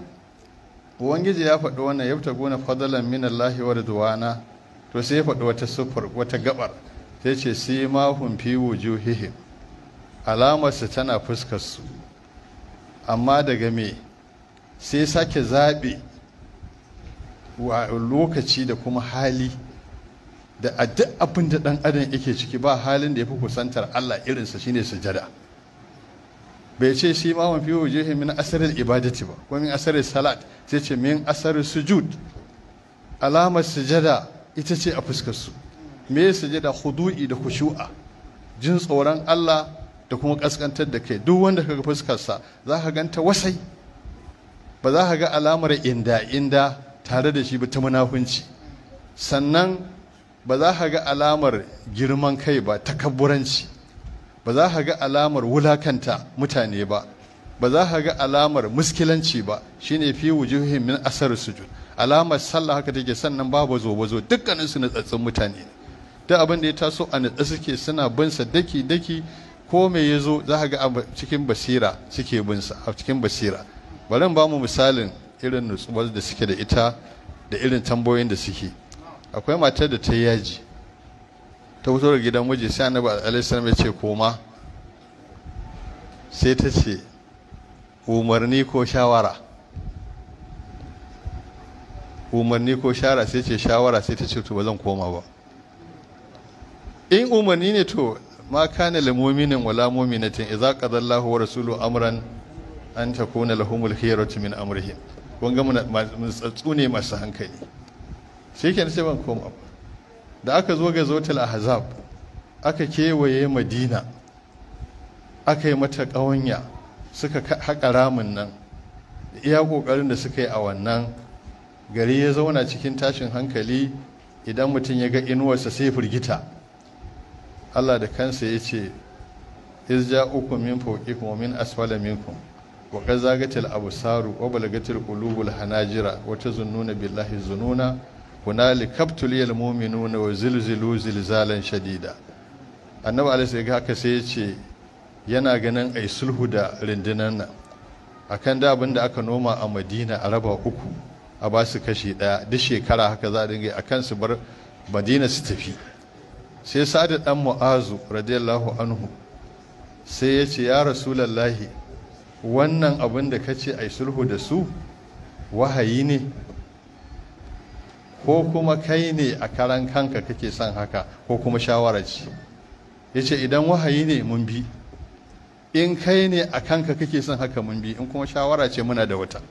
ubangiji ya faɗi wannan fita gona fadalan min Allah wa ridwana to sai ya faɗi wata sufur wata gabar sai ce simahum fi wujuhihim alamar su tana fuskar su amma daga me sai sake zaɓi lokaci da kuma hali da a duk abin da ɗan adam yake ciki ba halin da ya fi kusantar Allah irinsa shine sujada bai ce shi ma mafi wajehi min asarar ibadati ba ko min asarar salat sai ce min asarar sujud alamar sujada ita ce a fuskar su me sujada hudu'i da kushu'a jin tsoron Allah da kuma kaskantar da kai duk wanda kaga fuskarsa za ka ganta wasai ba za ka ga alamar inda inda tare da shi ba ta munafunci sannan ba za ka ga alamar girman kai ba takabburanci ba za ka ga alamar wulakanta mutane ba ba za ka ga alamar muskilanci ba shine fi wujuhin min asar sujud alamar sallah haka take sannan babu zo bazo dukkanin su natsatsun mutane da abin da ya taso a natsa suke suna bin sa daki daki ko me ya zo za ka ga cikin basira suke bin sa a cikin basira bari ba mu misalin irin nutsuwar da suke da ita da irin tamboyin da suke akwai matar da ta yi yaji ta fito da gidan miji sai annabi alaihissalam ya ce koma sai ta ce umarni ko shawara umarni ko shawara sai ce shawara sai ta ce to ba zan koma ba in umarni ne to ma kana lil mu'minin wala mu'minatin idza qadallahu wa rasuluhu amran an takuna lahumul khiyaratu min amrihim kun ga matsatsu ne masu hankali sai ke sai ban koma da aka zo ga zotal ahazab aka kewaye madina aka yi mata ƙawanya suka haƙa ramin nan iya ƙoƙarin da suka yi a wannan gari ya zauna cikin tashin hankali idan mutum ya ga inuwarsa sai firgita allah da kansa ya ce izja uku min fauƙikum min asfala minkum wa qad abu absaru wa balagatil qulubul hanajira wa tazunnuna billahi zununa hunalika kabtuliyal mu'minuna wa zilzilu zilzalan shadida annabi alaihi ga haka sai ya ce yana ganin ai sulhu da rindinan nan akan da abin da aka noma a madina a raba uku a ba su kashi daya duk shekara haka za a dinga akan su bar madina su tafi sai sa'ad dan mu'azu radiyallahu anhu sai ya ce ya rasulallahi wannan abin da ka ce ai sulhu da su wahayi ne ko kuma kai ne a karan kanka kake son haka ko kuma shawara ce ya ce idan wahayi ne mun bi in kai ne a kanka kake son haka mun bi in kuma shawara ce muna da wata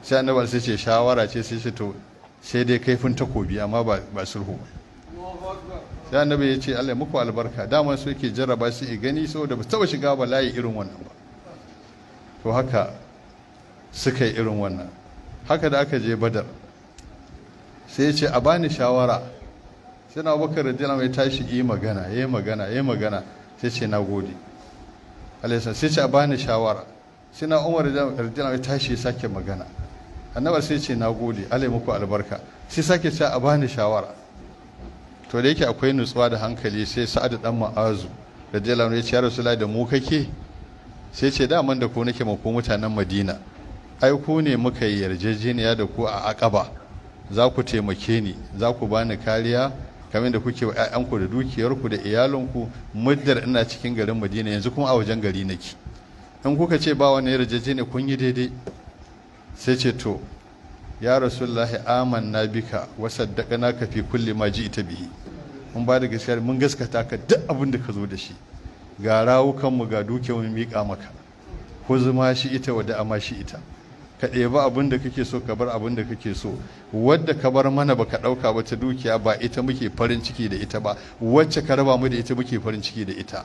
sai annabi sai ce shawara ce sai ce to sai dai kaifin takobi amma ba sulhu ba sai annabi ya ce allai muku albarka damar su yake jarraba su gani saboda ba taba shiga ba layi irin wannan ba to haka suka yi irin wannan haka da aka je badar sai ya ce a bani shawara sai na bakar rajina mai tashi yi magana yi magana yi magana sai ce na gode alaisa sai ce a bani shawara sai na umar rajina mai tashi ya sake magana annabar sai ce na gode alai muku albarka sai sake ce a bani shawara to da yake akwai nutsuwa da hankali sai sa'ad dan ma'azu rajina mai ce ya rasu da mu kake sai ce daman da ku nake mako mutanen madina ai ne muka yi yarjejeniya da ku a akaba za ku taimake ni za ku bani kariya kamar da kuke wa 'ya'yanku da dukiyarku da iyalinku muddar ina cikin garin madina yanzu kuma a wajen gari nake in kuka ce ba wani yarjejeniya kun yi daidai sai ce to ya rasulullahi na bika daga na kafi kulle ma ji ita bihi mun ba da gaskiya mun gaskata ka duk abin da ka zo da shi ga rawukanmu ga dukiyoyin miƙa maka huzuma shi ita wadda amma shi ita ka ɗeba abin da kake so ka bar abin da kake so wadda ka bar mana baka ɗauka ba ta dukiya ba ita muke farin ciki da ita ba wacce ka raba mu da ita muke farin ciki da ita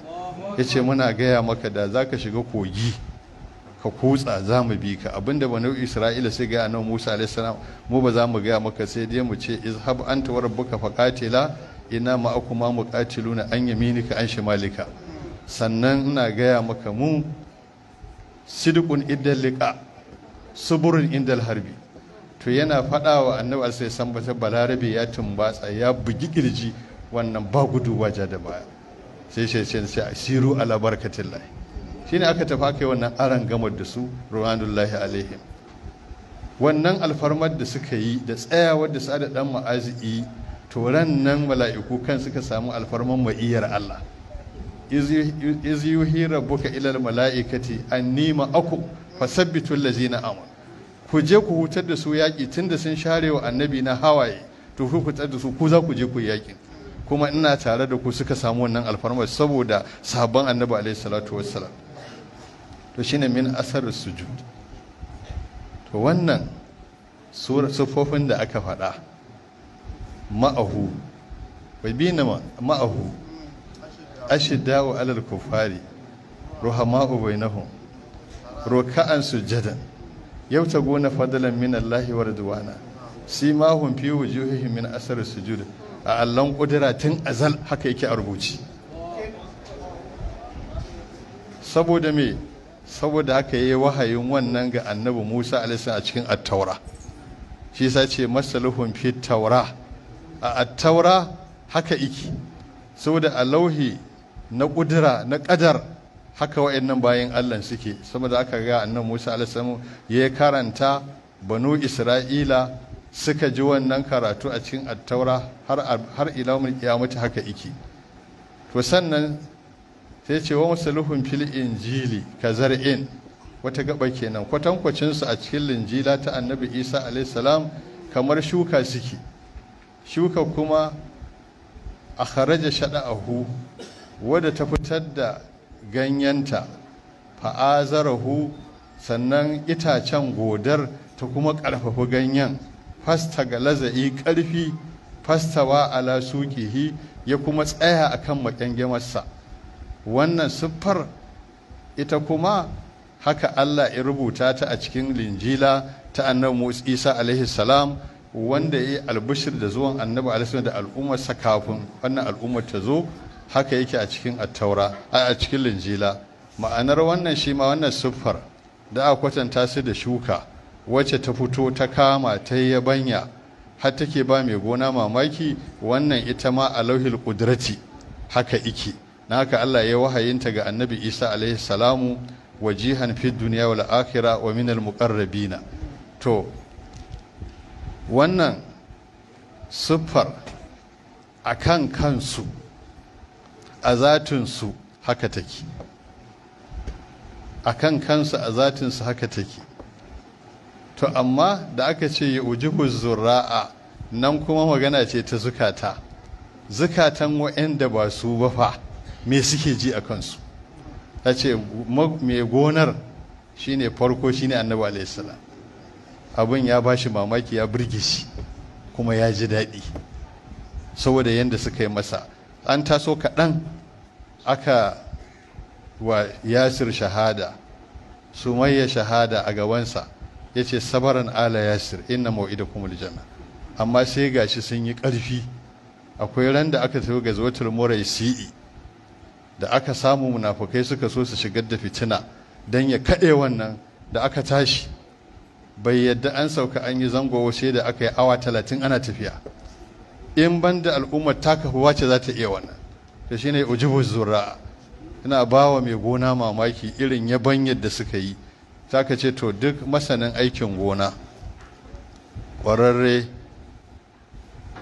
ya ce muna gaya maka da za ka shiga kogi ka kutsa za mu bi ka abinda banu isra'ila sai gaya nan musa alaihissalam mu ba za mu gaya maka sai dai mu ce izhab anta wa rabbuka faqatila mu ma'akuma na an yaminika an shimalika sannan ina gaya maka mu sidikun idan liƙa suburin indal harbi to yana faɗa wa annabi sai san bata balarabe ya tumbatsa ya bugi ƙirji wannan ba gudu ba ja da baya sai sai sai sai asiru ala Shi shine aka tafi kai wannan aran gamar da su ruwanullahi alaihim wannan alfarmar da suka yi da tsayawar da ɗan dan ma'azi to ran nan mala'iku kan suka samu alfarman ma'iyar Allah izi yuhi rabbuka ilal mala'ikati anni ma'akum fasabbitul amanu ku je ku hutar da su yaƙi tunda sun share wa annabi na hawaye to ku hutar da su ku za ku je ku yaƙi kuma ina tare da ku suka samu wannan alfarmar saboda sabon annabi alaihi salatu wassalam to shine min asar sujud to wannan sufofin da aka faɗa ma'ahu bi na ma'ahu ashidawa alal kufari ruhama'u bainahum ruka'an sujadan gona fadalan min Allah wa ridwana simahum fi wujuhihim min asar sujud a allan kudura tun azal haka yake a rubuci saboda me saboda haka yayi wahayin wannan ga annabi Musa alaihi a cikin at-taura shi yasa ce masaluhum fi taura a at-taura haka iki saboda a lauhi na ƙudura na ƙadar haka nan bayan Allah suke saboda aka ga annan Musa alaihi ya yi karanta banu Isra'ila suka ji wannan karatu a cikin attaura har har ya mutu haka iki to sannan sai ce wa musaluhun fil injili ka zar'in wata gaba kenan kwatankwacinsu a cikin linjila ta annabi Isa alaihi kamar shuka suke shuka kuma a kharaja shada'ahu wadda ta fitar da ganyenta fa'azarahu sannan itacen godar ta kuma ƙarfafi ganyen fasta ga laza'i ƙarfi fastawa ala suƙihi ya kuma tsaya a kan masa wannan siffar ita kuma haka Allah ya rubuta ta a cikin linjila ta annabi Isa alaihi salam wanda ya yi albishir da zuwan annabi alaihi salam da al'ummarsa kafin wannan al'ummar ta zo haka yake a cikin attaura a cikin linjila ma'anar wannan shi ma wannan siffar da a kwatanta su da shuka wacce ta fito ta kama ta yabanya har take ba mai gona mamaki wannan ita ma a lauhil kudurati haka iki na haka Allah ya wahayinta ga annabi Isa alaihi salamu wa jihan fi duniya wal akhira wa minal muqarrabina to wannan siffar a kan kansu a zatinsu haka take a kan kansu a zatinsu haka take to amma da aka ce ya ujibu zura'a nan kuma magana ce ta zukata zukatan wa'anda ba su ba fa me suke ji a kansu ta ce mai gonar shine farko shine annabi alaihissalam abin ya bashi mamaki ya birge shi kuma ya ji daɗi saboda yadda suka yi masa an taso kaɗan aka wa yasir shahada sumayya shahada a gabansa ya ce sabaran ala yasir inna ma'ida kuma aljanna amma sai gashi sun yi ƙarfi akwai ran da aka tafi ga zuwatul murai si'i da aka samu munafukai suka so su shigar da fitina don ya kaɗe wannan da aka tashi bai yadda an sauka an yi zango sai da aka yi awa talatin ana tafiya in banda al'ummar ta kafa wace za ta iya wannan da shine ujibu zura'a ina bawa mai gona mamaki irin yaban yadda suka yi ka ce to duk masanin aikin gona ƙwararre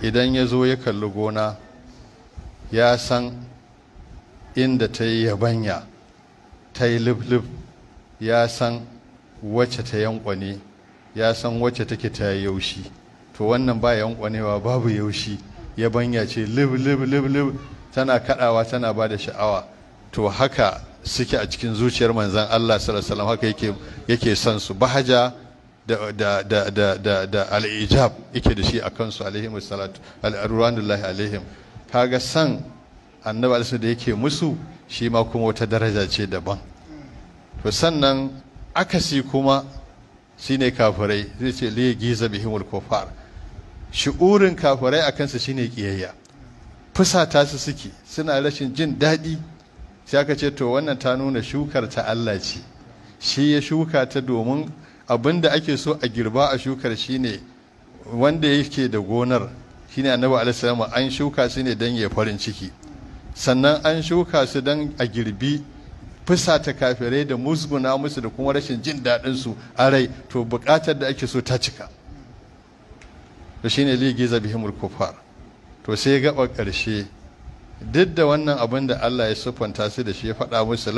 idan ya zo ya kalli gona ya san inda ta yi yabanya ta yi lif ya san wacce ta yankwane ya san wacce take ta yaushi to wannan ba yankwanewa babu yaushi ya banya ce lib lib lib lib tana kadawa tana ba da sha'awa to haka suke a cikin zuciyar manzan Allah sallallahu haka yake son su bahaja da da da da da, da al-ijab yake da shi akan su alaihi salatu al-ruwanullahi alaihim kaga san annabi alisu da yake musu shi ma kuma wata daraja ce daban to sannan akasi kuma shine kafirai zai ce li giza bihimul kufar shi'urin kafirai a kansu shine kiyayya fusata su suke suna rashin jin daɗi sai aka ce to wannan ta nuna shukar ta Allah ce shi ya shuka ta domin abin da ake so a girba a shukar shi ne wanda yake da gonar shi ne annabi alisalama an shuka su ne don ya farin ciki sannan an shuka su don a girbi fusata kafirai da musguna musu da kuma rashin jin daɗinsu a rai to buƙatar da ake so ta cika shi ne ligi zabihimul kufar to sai gaba ƙarshe duk da wannan abin da Allah ya siffanta su da shi ya faɗa musu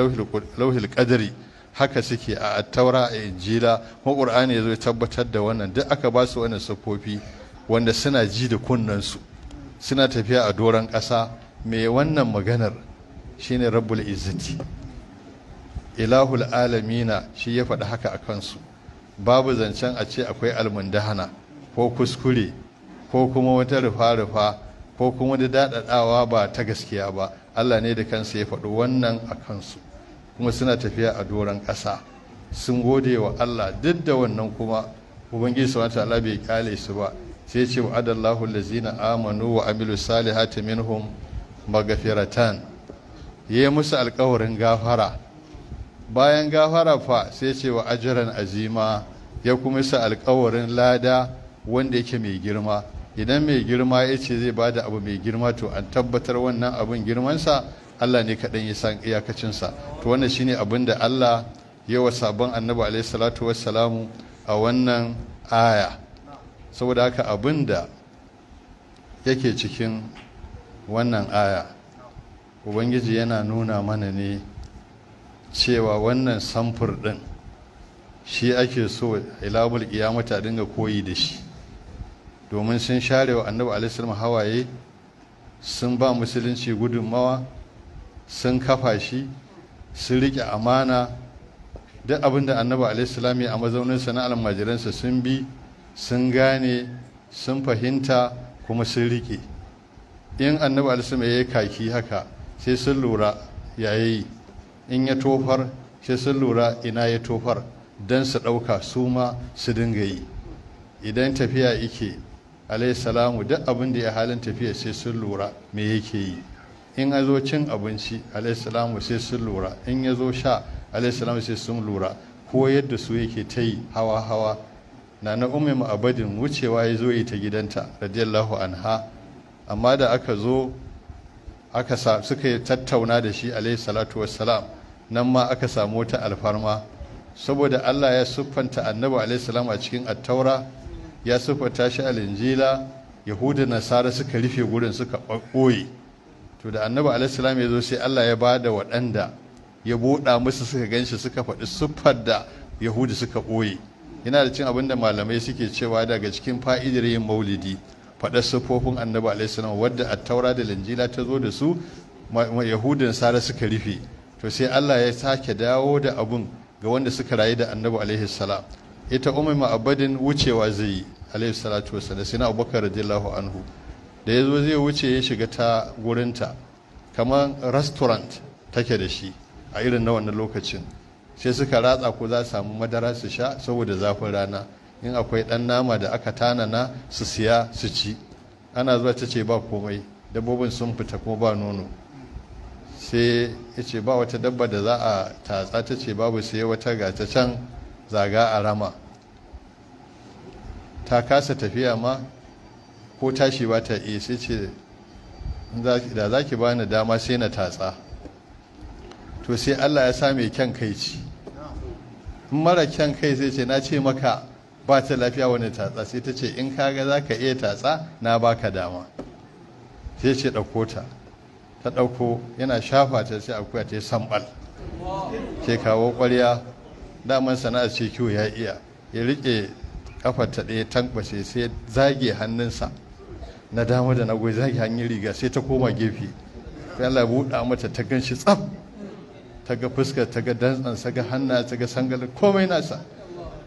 lauhil ƙadiri haka suke a attaura a injila ko ƙur'ani yazo ya tabbatar da wannan duk aka ba su wannan siffofi wanda suna ji da kunnensu, suna tafiya a doron ƙasa mai wannan maganar shine rabbul izzati ilahul alamina shi ya faɗa haka a kansu babu zancen a ce akwai almundahana ko kuskure ko kuma wata rufa-rufa ko kuma da daɗaɗawa ba ta gaskiya ba Allah ne da kansa ya faɗo wannan a kansu kuma suna tafiya a doron ƙasa sun gode wa Allah duk da wannan kuma ubangiji wata ala bai kyale su ba sai ce wa adallahu amanu wa amilu salihati minhum Ya yayi musu alƙawarin gafara bayan gafara fa sai ce wa ajiran azima ya kuma sa alƙawarin lada wanda yake mai girma idan mai girma ya ce zai bada abu mai girma to an tabbatar wannan abin girmansa Allah ne kaɗan ya san iyakacinsa to wannan shine abin da Allah ya wa sabon annabi alaihi salatu wassalamu a wannan aya saboda haka abin da yake cikin wannan aya ubangiji yana nuna mana ne cewa wannan samfur ɗin shi ake so ilabul kiyamata dinga koyi da shi domin sun share wa annabi alaihissalam hawaye sun ba musulunci gudunmawa sun kafa shi sun riƙe amana duk abin da annabi alaihissalam ya a mazauninsa na almajiransa sun bi sun gane sun fahimta kuma sun riƙe in annabi alaihissalam ya yi kaki haka sai sun lura yayi in ya tofar sai sun lura ina ya tofar don su ɗauka su ma su dinga yi idan tafiya ike alayhi salamu duk abin da ya halin tafiya sai sun lura me yake yi in ya zo cin abinci alayhi salamu sai sun lura in ya zo sha alayhi salamu sai sun lura ko yadda su yake ta yi hawa hawa na na umar ma'abadin wucewa ya zo yi ta gidanta radiyallahu anha amma da aka zo aka sa suka tattauna da shi alayhi salatu wassalam nan ma aka samu wata alfarma saboda Allah ya siffanta annabi alaihi a cikin attaura ya siffata shi alinjila yahudu nasara suka rufe gurin suka ɓoye to da annabi alaihissalam ya zo sai allah ya ba da waɗanda ya buɗa musu suka gan shi suka faɗi siffar da yahudu suka ɓoye yana da cin abin da malamai suke cewa daga cikin fa'idar yin maulidi faɗa siffofin annabi alaihissalam wadda a taura da linjila ta zo da su yahudu nasara suka rufe to sai allah ya sake dawo da abun ga wanda suka rayu da annabi alaihissalam ita umar ma'abadin wucewa zai yi alaihi salatu wasallam sai na abubakar radiyallahu anhu da ya zo zai wuce ya shiga ta gurinta kamar restaurant take da shi a irin na wannan lokacin sai suka ratsa ko za su samu madara su sha saboda zafin rana in akwai ɗan nama da aka tanana su siya su ci ana zuwa ta ce ba komai dabbobin sun fita kuma ba nono sai ya ce ba wata dabba da za a tatsa ta ce babu sai wata gata can zaga a rama ta kasa tafiya ma ko tashi ba ta iya sai ce da za ki bani dama sai na tatsa to sai allah ya sa kyan kai ci in mara kyan kai sai ce na ce maka ba ta lafiya wani tatsa sai ta ce in kaga za ka iya tatsa na baka dama sai ce ɗauko ta ta ɗauko yana shafa ta sai akuya ta yi sambal ke kawo ƙwarya daman sana'a ce kyau ya iya ya rike kafar ta ɗaya tankwace sai zage hannunsa na dama da na goyi zage hanyar riga sai ta koma gefe sai Allah buɗa mata ta gan shi tsaf ta ga fuskar ta ga dantsan ta ga hannu ta ga sangalar komai nasa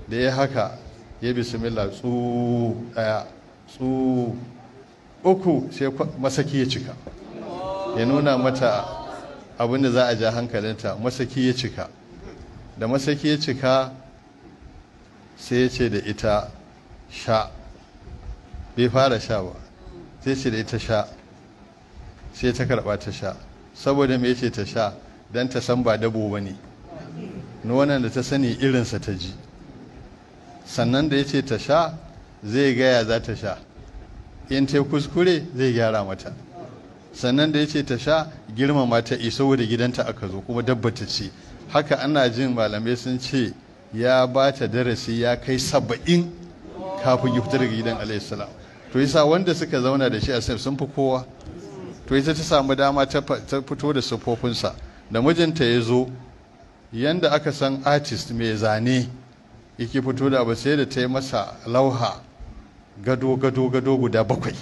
da ya haka ya bismillah tsu ɗaya tsu uku sai masaki ya cika ya nuna mata abin da za a ja hankalinta masaki ya cika da masaki ya cika sai ya ce da ita sha bai fara sha ba sai ce da ita sha sai ta karba ta sha saboda mai ce ta sha don ta san ba dabo ba ne wannan da ta sani irinsa ta ji sannan da ya ce ta sha zai gaya za ta sha in ta kuskure zai gyara mata sannan da ya ce ta sha girmama ta iso da gidanta aka zo kuma dabba ce haka ana jin malamai sun ce ya ba ta darasi ya kai saba'in kafin ya fita daga gidan alaihissalam to yasa wanda suka zauna da shi a sun fi kowa to ita ta samu dama ta fito da siffofinsa da mijinta ya zo yanda aka san artist mai zane yake fito da abu sai da ta yi masa lauha gado gado gado guda bakwai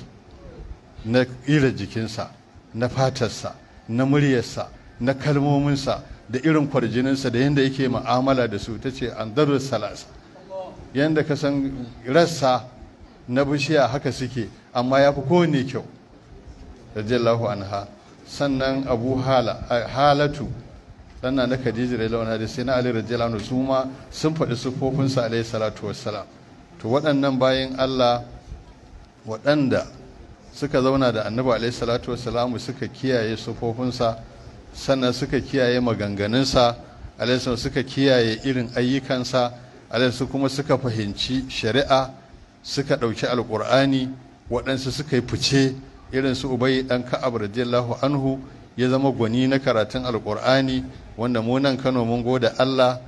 na ƙira jikinsa na fatarsa na muryarsa na kalmominsa da irin kwarjininsa da yadda yake ma'amala da su ta ce an darar salas yadda ka san rassa na bishiya haka suke amma ya fi kowane kyau radiyallahu anha sannan abu halatu dan na khadija radiyallahu anha da sai na ali radiyallahu anhu su ma sun faɗi sufofinsa alaihi salatu wassalam to waɗannan bayan Allah waɗanda suka zauna da annabi alaihi salatu wassalamu suka kiyaye sufofinsa sannan suka kiyaye maganganunsa alaihi suka kiyaye irin ayyukansa alaihi kuma suka fahimci shari'a suka ɗauki alƙur'ani waɗansu suka yi fice irin su ubai ɗan ka'ab radiyallahu anhu ya zama gwani na karatun alƙur'ani wanda mu nan kano mun goda allah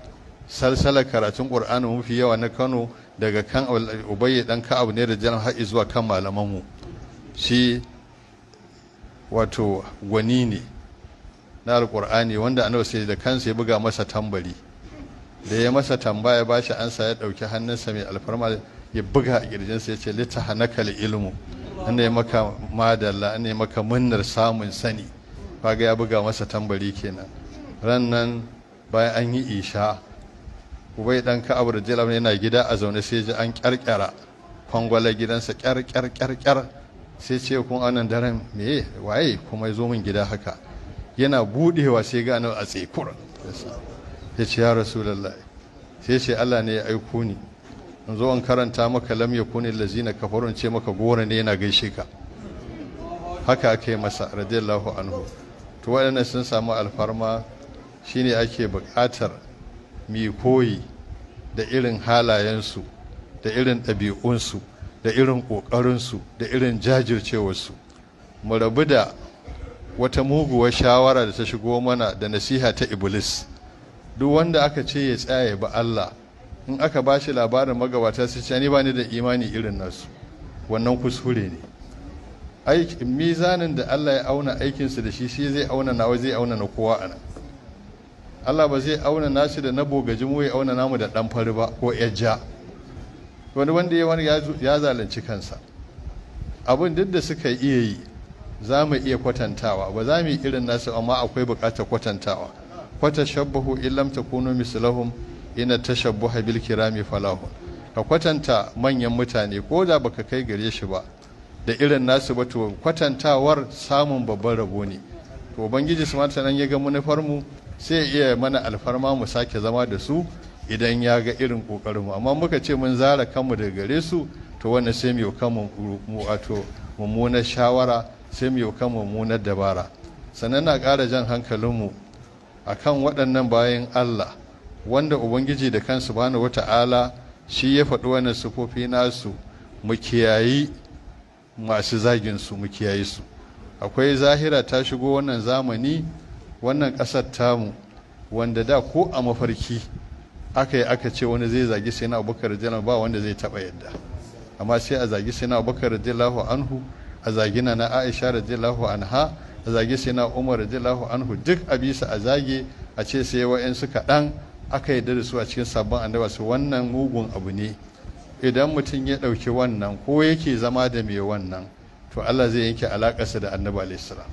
salsala karatun ƙur'ani mafi yawa na kano daga kan ubai ɗan ka'ab ne da jan har zuwa kan malamanmu shi wato gwani ne na alkur'ani wanda annabi sai da kansa ya buga masa tambari da ya masa tambaya ba shi ansa ya ɗauki hannunsa mai alfarma ya buga a ƙirjinsa ya ce lita hanakal ilmu an ya maka madalla an ya maka munnar samun sani kaga ya buga masa tambari kenan ran nan bayan an yi isha ubai dan ka'abu da yana gida a zaune sai ji an kyarkyara kwangwala gidansa kyar kyar kyar kyar sai ce kun anan daren me waye kuma ya zo min gida haka yana budewa sai ga nan a tsaye ya ce ya rasu lallai sai ce Allah ne ya aiko ni in zo in karanta maka lam yakuni allazina kafarun ce maka gora ne yana gaishe ka haka aka yi masa radiyallahu anhu to waɗannan sun samu alfarma shine ake buƙatar mi koyi da irin halayensu da irin ɗabi'unsu da irin ƙoƙarinsu da irin jajircewarsu mu rabu da wata muguwar shawara da ta shigo mana da nasiha ta iblis duk wanda aka ce ya tsaye ba Allah in aka ba shi labarin magabata su ce ni ba ni da imani irin nasu wannan kuskure ne mizanin da Allah ya auna aikinsu da shi shi zai auna wai zai auna na kowa a nan Allah ba zai auna nasu da na bogaji mu ya auna namu da dan fari ba ko yajja wani wanda ya ya zalunci kansa abin duk da suka iya yi za mu iya kwatantawa ba za mu yi irin nasu amma akwai buƙatar kwatantawa kwata shabbahu illam kuno mislahum ina tashabbuha bil mai falahun ka kwatanta manyan mutane ko da baka kai gare shi ba da irin nasu ba to kwatantawar samun babban rabo ne to ubangiji su mata nan ya ga manufar mu sai iya mana alfarma mu sake zama da su idan ya ga irin kokarin mu amma muka ce mun zara kanmu daga gare su to wannan sai mu kanmu mu wato mummunar shawara sai mu kan mummunar dabara sannan na ƙara jan hankalinmu a kan waɗannan bayan allah wanda ubangiji da kansu bani wata'ala shi ya faɗi wani sufofi nasu mu kiyayi masu zaginsu mu kiyayi su akwai zahira ta shigo wannan zamani wannan ƙasar tamu wanda da ko a mafarki aka yi aka ce wani zai zagi sai na abubakar ba wanda zai taɓa yadda amma sai a zagi sai na abubakar anhu a zagi na na aisha radiyallahu anha a zagi sai na umar radiyallahu anhu duk a bisa a zage a ce sai wa'yansu kaɗan aka yi da su a cikin sabon annaba su wannan mugun abu ne idan mutum ya ɗauki wannan ko yake zama da mai wannan to Allah zai yanke alaƙarsa da annabi alaihissalam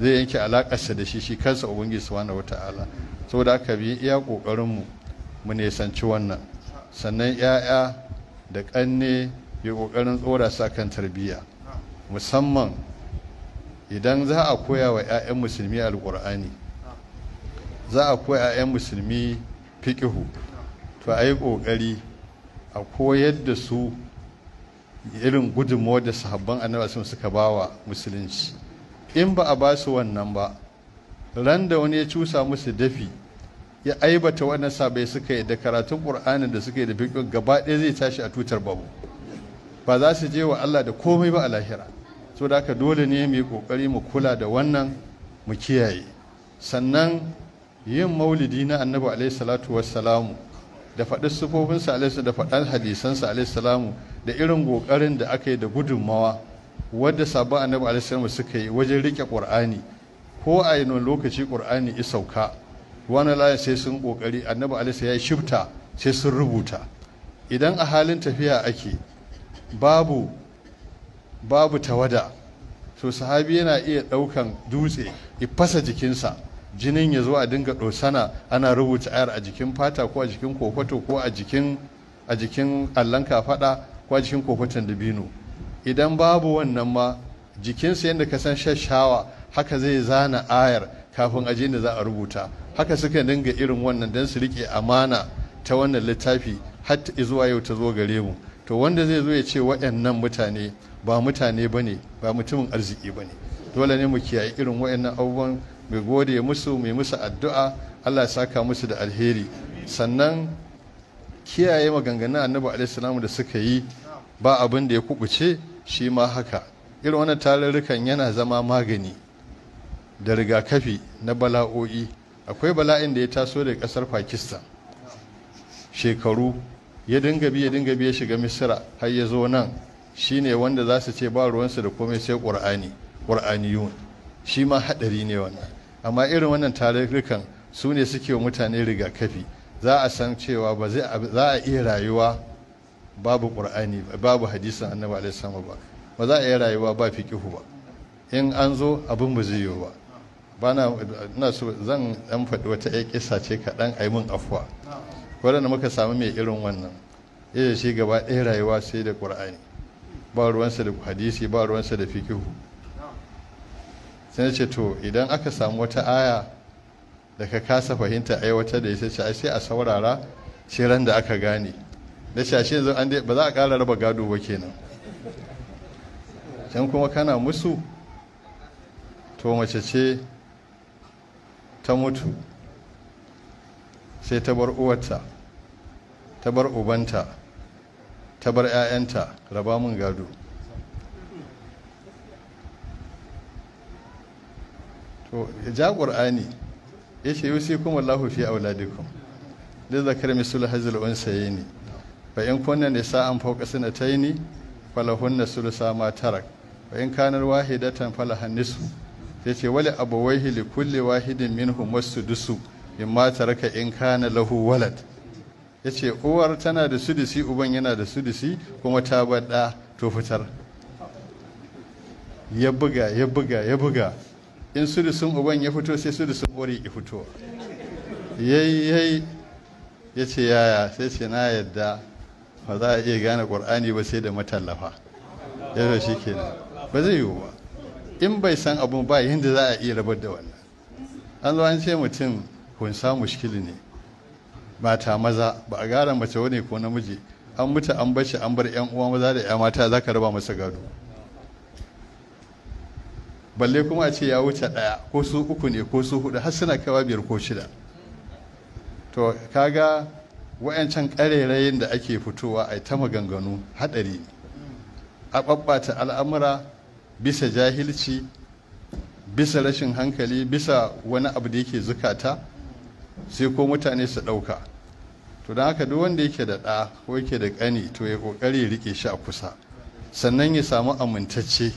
zai yanke alaƙarsa da shi shi kansa ubangiji subhanahu wata'ala saboda aka bi iya ƙoƙarin mu mu nisanci wannan sannan 'ya'ya da ƙanne ya ƙoƙarin tsora sa kan tarbiyya musamman idan za a koya wa 'ya'yan musulmi alkur'ani za a koya 'ya'yan musulmi fiƙihu to a yi ƙoƙari a koyar da su irin gudunmawar da sahabban annabi sun suka ba wa musulunci in ba a ba su wannan ba ran da wani ya cusa musu dafi ya aibata wannan sabai suka yi da karatun ƙur'anin da suka yi da fiƙin gaba ɗaya zai tashi a tutar babu ba za su je wa Allah da komai ba a lahira to da haka dole ne mu yi kokari mu kula da wannan mu kiyaye sannan yin maulidi na annabi alaihi salatu wassalamu da faɗi sufofinsa alaihi da faɗan hadisansa alaihi salamu da irin kokarin da aka yi da gudunmawa wadda sabon annabi alaihi salamu suka yi wajen rike qur'ani ko a yi lokaci qur'ani ya sauka wani layin sai sun kokari annabi alaihi ya shifta sai sun rubuta idan a halin tafiya ake babu babu tawada to sahabi yana iya ɗaukan dutse ya fasa jikinsa jinin ya zo a dinga ɗosana ana rubuta ayar a jikin fata ko a jikin kofato ko a jikin a jikin allon kafaɗa ko a jikin kofaton dabino idan babu wannan ma jikinsa yadda ka san shashawa haka zai zana ayar kafin aje da za a rubuta haka suka dinga irin wannan don su riƙe amana ta wannan littafi har zuwa yau ta zo gare mu to wanda zai zo ya ce waɗannan mutane ba mutane ba ne ba mutumin arziki ba ne dole ne mu kiyaye irin waɗannan abubuwan mu gode musu mu musu addu'a Allah ya saka musu da alheri sannan kiyaye maganganun annabi alaihi da suka yi ba abin da ya kubuce shi ma haka irin wannan tarurrukan yana zama magani da rigakafi na bala'o'i akwai bala'in da ya taso daga kasar pakistan shekaru ya dinga bi ya dinga bi ya shiga misira har ya zo nan Shi ne wanda za su ce ba ruwansu da komai sai ƙur'ani yun. shi ma haɗari ne wannan amma irin wannan tarurrukan su ne suke wa mutane rigakafi za a san cewa ba za a iya rayuwa babu ƙur'ani babu hadisan annabi alaihi sama ba ba za a iya rayuwa ba fiqihu ba in an zo abin ba zai yiwu ba bana ina so zan dan faɗi wata ƴar ƙisa ce kaɗan a yi min afuwa waɗanda muka sami mai irin wannan iya shi gaba ɗaya rayuwa sai da ƙur'ani ba ruwansa da hadisi ba ruwansa da fikihu sai ce to idan aka samu wata aya da ka kasa fahimta aiwatar da ya ce sai a saurara sai da aka gane da shashe yanzu an ba za a ƙara raba gado ba kenan can kuma kana musu to mace ce ta mutu sai ta bar uwarta ta bar ubanta ta bar 'ya'yanta raba mun gado to ja ƙur'ani ya ce yusi kuma Allahu fi auladikum da zakar misul saye ne Ba in kunna nisa'an ne falahun na sulusa ma tarak Ba in kanar wahidatan falahan nisu ya ce wale abuwai hili kulle wahidin minhum wasudusu mimma taraka in kana lahu walad ya ce uwar tana da sudisi uban yana da sudisi kuma ta baɗa to fitar ya buga ya buga ya buga in sudisin uban ya fito sai sudisin uwar ya fito yayi yayi ya ce yaya sai ce na yadda ba za a iya gane ƙwar'ani ba sai da matallafa ya zo shi kenan ba zai yiwu ba in bai san abun ba yadda za a iya rabar da wannan an zo an ce mutum hunsa mushkili ne mata maza ba a gara mace wani ko namiji an mutu an bashi an bar yan uwa maza da ya mata za ka raba masa gado balle kuma a ce ya wuce daya ko su uku ne ko su hudu har suna kawa biyar ko shida to kaga wayancan karerayin da ake fitowa a ta maganganu haɗari a babbata al'amura bisa jahilci bisa rashin hankali bisa wani abu da yake zukata sai ko mutane su ɗauka to da haka duk wanda yake da ɗa ko yake da ƙani to ya ƙoƙari ya riƙe shi a kusa sannan ya samu amintacce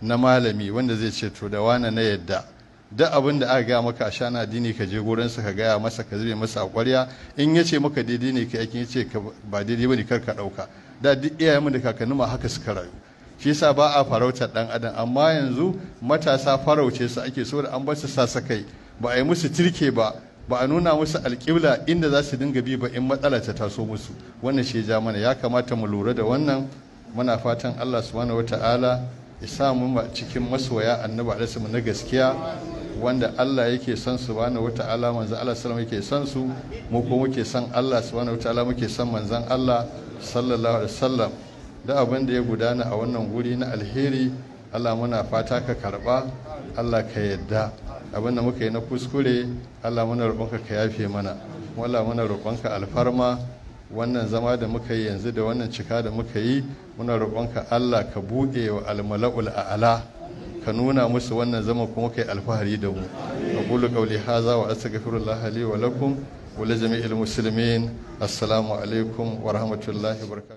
na malami wanda zai ce to da wane na yadda duk abin da aka gaya maka a na dini ka je gurinsa ka gaya masa ka zube masa a ƙwarya in yace ce maka daidai ne ka yakin ya ce ba daidai ba ne kar ka ɗauka da duk iyayen mu da kakanni ma haka suka rayu shi yasa ba a farautar ɗan adam amma yanzu matasa farauce su ake so da an bar su sa sakai ba a yi musu tirke ba ba a nuna musu alƙibla inda za su dinga bi ba in matsala ta taso musu wannan shi ja mana ya kamata mu lura da wannan muna fatan Allah subhanahu wata'ala ya sa mu cikin masoya annabi alaihi na gaskiya wanda Allah yake son su subhanahu wata'ala manzo Allah sallallahu yake son su mu ko muke son Allah subhanahu wata'ala muke son manzon Allah sallallahu alaihi wasallam da abin da ya gudana a wannan guri na alheri Allah muna fata ka karba Allah ka yadda abin da muka yi na kuskure allah muna roƙonka ka yafe mana wallah muna roƙonka alfarma wannan zama da muka yi yanzu da wannan cika da muka yi muna roƙonka allah ka buɗe wa almala'ul a'ala ka nuna musu wannan zama kuma kai alfahari da mu aqulu qawli hadha wa astaghfirullah li wa lakum wa li jami'il muslimin assalamu alaikum wa rahmatullahi wa